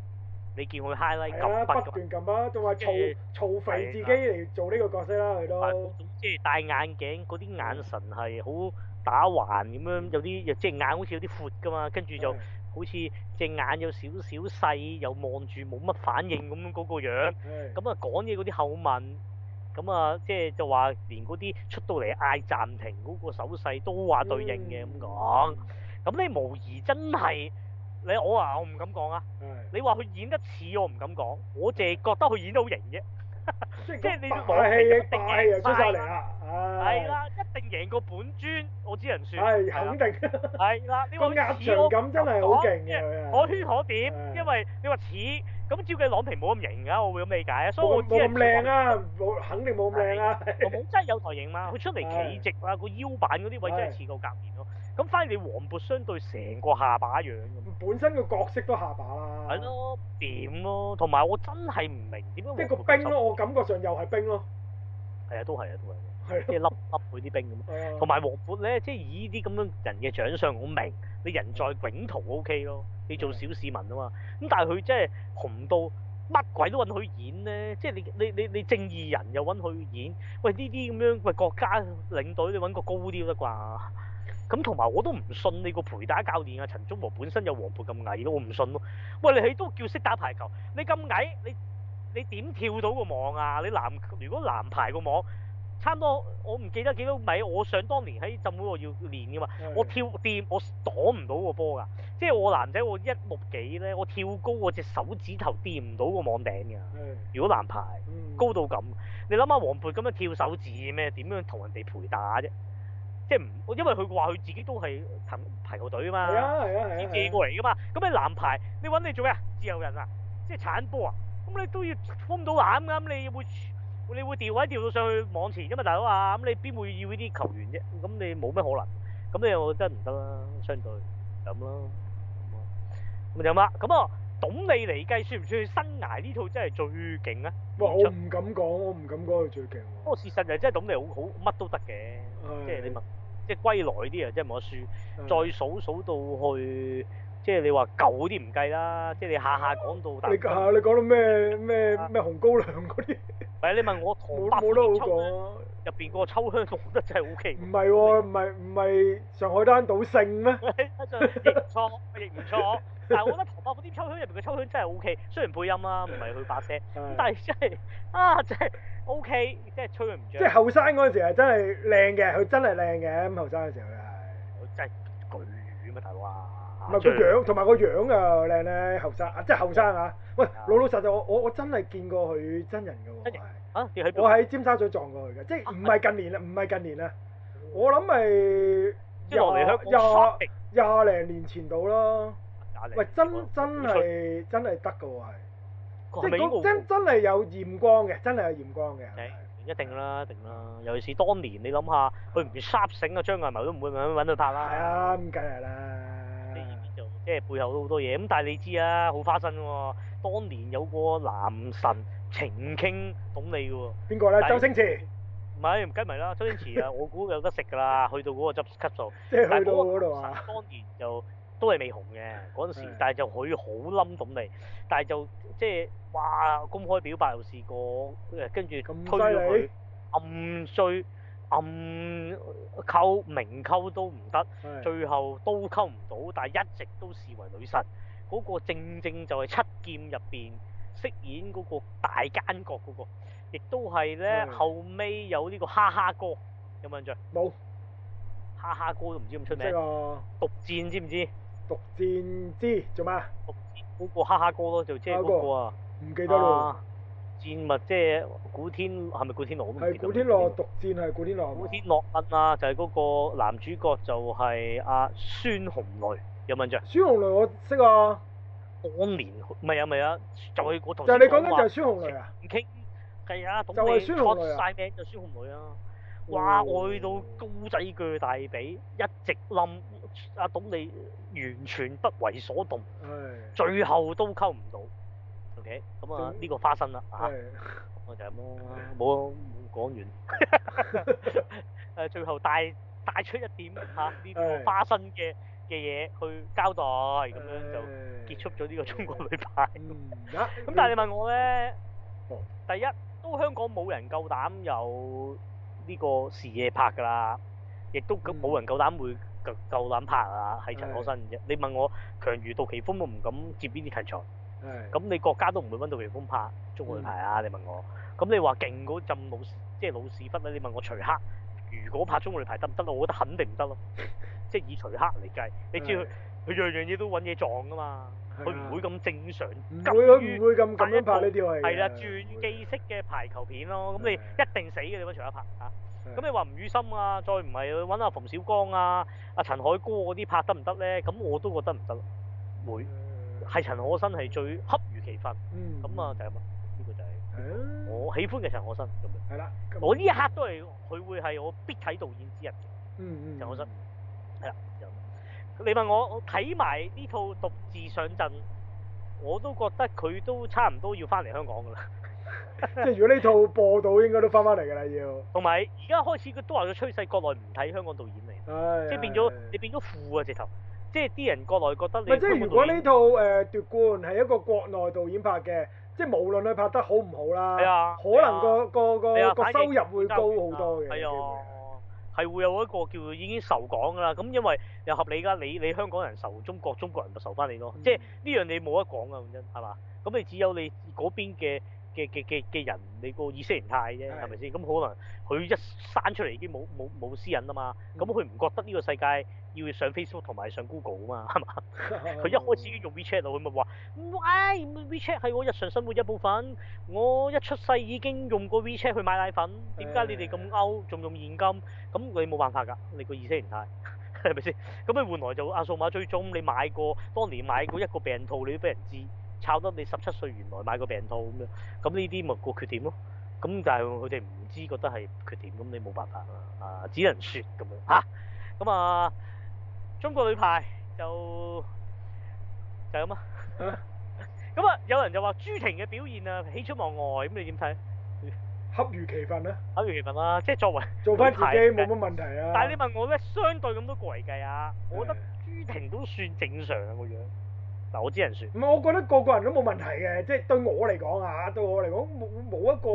你見佢 highlight 撳筆咁。係啦，不斷撳筆，仲話嘈嘈肥自己嚟做呢個角色啦，佢都。即係戴眼鏡嗰啲眼神係好打橫咁樣，有啲即隻眼好似有啲闊噶嘛，跟住就。好似隻眼有少少細，又望住冇乜反應咁嗰個樣，咁、嗯、啊講嘢嗰啲口吻，咁啊即係就話、是、連嗰啲出到嚟嗌暫停嗰個手勢都話對應嘅咁講，咁、嗯、你無疑真係你我話我唔敢講啊，嗯、你話佢演得似我唔敢講，我淨係覺得佢演得好型啫。即係你霸氣一定係啊，出晒嚟啦！係啦，一定贏過本尊，我只能算係、哎、肯定。係啦、啊，呢個壓場感真係好勁嘅，啊、可圈可點，啊、因為你話似。咁照計郎平冇咁型噶，我會咁理解啊？所以我知咁靚啊，冇色肯定冇咁靚啊！的的我冇真係有台型嘛，佢出嚟企直啊，的個腰板嗰啲位真係似個夾面咯。咁的反而你黃渤相對成個下巴一樣、嗯、本身個角色都下巴啦。係咯，點咯、啊？同埋我真係唔明點解即係個冰咯，我感覺上又係冰咯。係啊，都係啊，都係。都即一粒吸佢啲兵咁，同埋黃渤咧，即係以呢啲咁樣人嘅長相，好明你人在囧途 O K 咯，你做小市民啊嘛。咁但係佢真係紅到乜鬼都揾佢演咧，即係你你你你正義人又揾佢演。喂，呢啲咁樣喂國家領隊，你揾個高啲得啩？咁同埋我都唔信你個陪打教練啊，陳忠和本身有黃渤咁矮咯，我唔信咯。喂，你都叫識打排球，你咁矮，你你點跳到個網啊？你籃如果籃排個網？差唔多，我唔記得幾多米。我想當年喺浸會我要練噶嘛。是的 我跳掂，我擋唔到個波㗎。即係我男仔，我一目幾咧，我跳高，我隻手指頭掂唔到個網頂㗎。是的 如果男排嗯嗯高到咁，你諗下黃培咁樣跳手指咩？點樣同人哋陪打啫？即係唔，因為佢話佢自己都係排排球隊啊嘛，先借過嚟㗎嘛。咁你男排，你揾你做咩？自由人啊，即係鏟波啊。咁你都要封到眼㗎，咁你要會？你會調位調到上去網前啫嘛，大佬啊！咁你邊會要呢啲球員啫？咁你冇咩可能？咁你又覺得唔得啦，相對咁咯。咁就乜？咁啊、嗯，董利嚟計算唔算生涯呢套真係最勁咧？哇！我唔敢講，我唔敢講佢最勁喎。不過事實就真係董利好好乜都得嘅，的即係你問，即係歸來啲啊，即係冇得輸。的再數數到去。即係你話舊啲唔計啦，即係你下下講到，但你下你講到咩咩咩紅高粱嗰啲，唔係你問我唐伯虎嗰個入邊個秋香，我覺得真係好 O K。唔係喎，唔係唔係上海丹島勝上海灘賭聖咩？亦唔錯，亦唔錯。但係我覺得唐伯虎啲秋香入邊嘅秋香真係 O K。雖然配音啦，唔係佢把聲，但係真係啊，真係 O K。即係吹佢唔着。即係後生嗰陣時係真係靚嘅，佢真係靚嘅。咁後生嗰陣時佢係好正。唔係個樣，同埋個樣啊靚咧，後生啊，即係後生嚇。喂，老老實實，我我我真係見過佢真人㗎喎。真人嚇？我喺尖沙咀撞過佢嘅，即係唔係近年啦，唔係近年啦。我諗咪即係我嚟香港廿零年前度啦。廿零，喂，真真係真係得㗎喎，係。即係嗰真真係有熒光嘅，真係有熒光嘅。係一定啦，一定啦。尤其是當年你諗下，佢唔煞醒啊，張藝謀都唔會咁樣揾到佢啦。係啊，咁梗係啦。即係背後都好多嘢，咁但係你知啊，好花心喎。當年有個男神情傾懂你嘅喎。邊個咧？周星馳。唔係，唔計咪啦。周星馳啊，我估有得食㗎啦，去到嗰個執級數。即係去到嗰度啊。男神當年就都係未紅嘅嗰陣時，但係就佢好冧懂你，但係就即係哇公開表白又試過，誒跟住推咗佢暗衰。暗溝、嗯、明溝都唔得，是最後都溝唔到，但係一直都視為女神。嗰、那個正正就係七劍入邊飾演嗰個大奸角嗰、那個，亦都係咧是後尾有呢個哈哈哥，有冇印象？冇沒。哈哈哥都唔知咁出名。即係毒戰知唔知，知？毒戰知做咩？毒戰嗰個哈哈哥咯，就即係嗰個。唔、那個、記得啦。啊戰物即係古天，係咪古天樂？係古天樂，毒戰係古天樂。戰古天樂啊，就係嗰個男主角就係阿孫紅雷，有冇印象？孫紅雷我識啊，當年唔係啊唔係啊，啊，就係古同。就係你講緊就係孫紅雷啊？唔傾，係啊，董力。就係孫紅雷啊！曬命就孫紅雷啊！哇，愛到高仔鋸大髀，一直冧阿、啊、董力，完全不為所動，的最後都溝唔到。咁啊，呢、嗯嗯、個花生啦嚇，啊、是我就冇冇沒講完，誒， 最後帶帶出一點嚇呢個花生嘅嘅嘢去交代，咁樣就結束咗呢個中國女排。咁、嗯、但係你問我咧，嗯嗯、第一都香港冇人，人、嗯、夠膽有呢個視野拍㗎啦，亦都冇人夠膽會夠夠膽拍啊喺陳可辛啫。是你問我強如杜琪峰，我唔敢接邊啲題材。咁你國家都唔會揾到袁鳳拍中國女排啊？你問我，咁你話勁嗰陣老即係老屎忽咧？你問我徐克如果拍中國女排得唔得啊？我覺得肯定唔得咯，即係以徐克嚟計，你知佢佢樣樣嘢都揾嘢撞噶嘛，佢唔會咁正常，唔會咁會咁樣拍呢啲係係啦，轉記式嘅排球片咯，咁你一定死嘅，你揾徐克拍嚇。咁你話吳宇森啊，再唔係揾阿馮小剛啊、阿陳凱歌嗰啲拍得唔得咧？咁我都覺得唔得咯，會。係陳可辛係最恰如其分，嗯，咁啊就係咁啊，呢個就係我喜歡嘅陳可辛咁樣。係啦，我呢一刻都係佢會係我必睇導演之一，嗯嗯，陳可辛係啦。咁你問我，我睇埋呢套《獨自上陣》，我都覺得佢都差唔多要翻嚟香港㗎啦。即係如果呢套播到，應該都翻翻嚟㗎啦要。同埋而家開始都話個趨勢，國內唔睇香港導演嚟，即係變咗你變咗負啊直頭。即係啲人國內覺得，你，即係如果呢套誒、呃、奪冠係一個國內導演拍嘅，即係無論佢拍得好唔好啦，啊、可能個個、啊、個個、啊、個收入會高好多嘅，係啊，係會，會有一個叫已經仇港㗎啦。咁因為又合理㗎，你你香港人仇中國，中國人就仇翻你咯。嗯、即係呢樣你冇得講㗎，講真係嘛。咁你只有你嗰邊嘅。嘅嘅嘅嘅人，你個意識形態啫，係咪先？咁、嗯、可能佢一生出嚟已經冇冇冇私隱啦嘛，咁佢唔覺得呢個世界要上 Facebook 同埋上 Google 啊嘛，係嘛？佢一開始用 WeChat 啊，佢咪話：喂，WeChat 係我日常生活一部分，我一出世已經用過 WeChat 去買奶粉，點解你哋咁 out 仲用現金？咁的 你冇辦法㗎，你個意識形態係咪先？咁 你、 嗯、換來就阿數碼追蹤，你買過當年買過一個病套，你都俾人知。抄得你十七歲原來買個病套咁樣，樣，咁呢啲咪個缺點咯，咁但係佢哋唔知覺得係缺點，咁你冇辦法啦，啊只能説咁樣吓。咁啊，啊，中國女排就就係咁啊。咁啊， 啊，有人就話朱婷嘅表現啊，喜出望外，咁你點睇？恰如， 如其分啊，恰如其分啦，即係作為做翻自己冇乜問題啊。但係你問我咧，相對咁多個嚟計啊，我覺得朱婷都算正常個樣。啊我啲人説，唔係，我覺得個個人都冇問題嘅，即係對我嚟講，啊對我嚟講，冇冇一個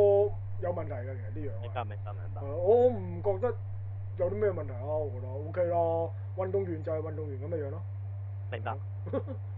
有問題嘅，其實呢樣。明白，明白，明白。我唔覺得有啲咩問題咯，我覺得 OK 咯，運動員就係運動員咁嘅樣咯。明白。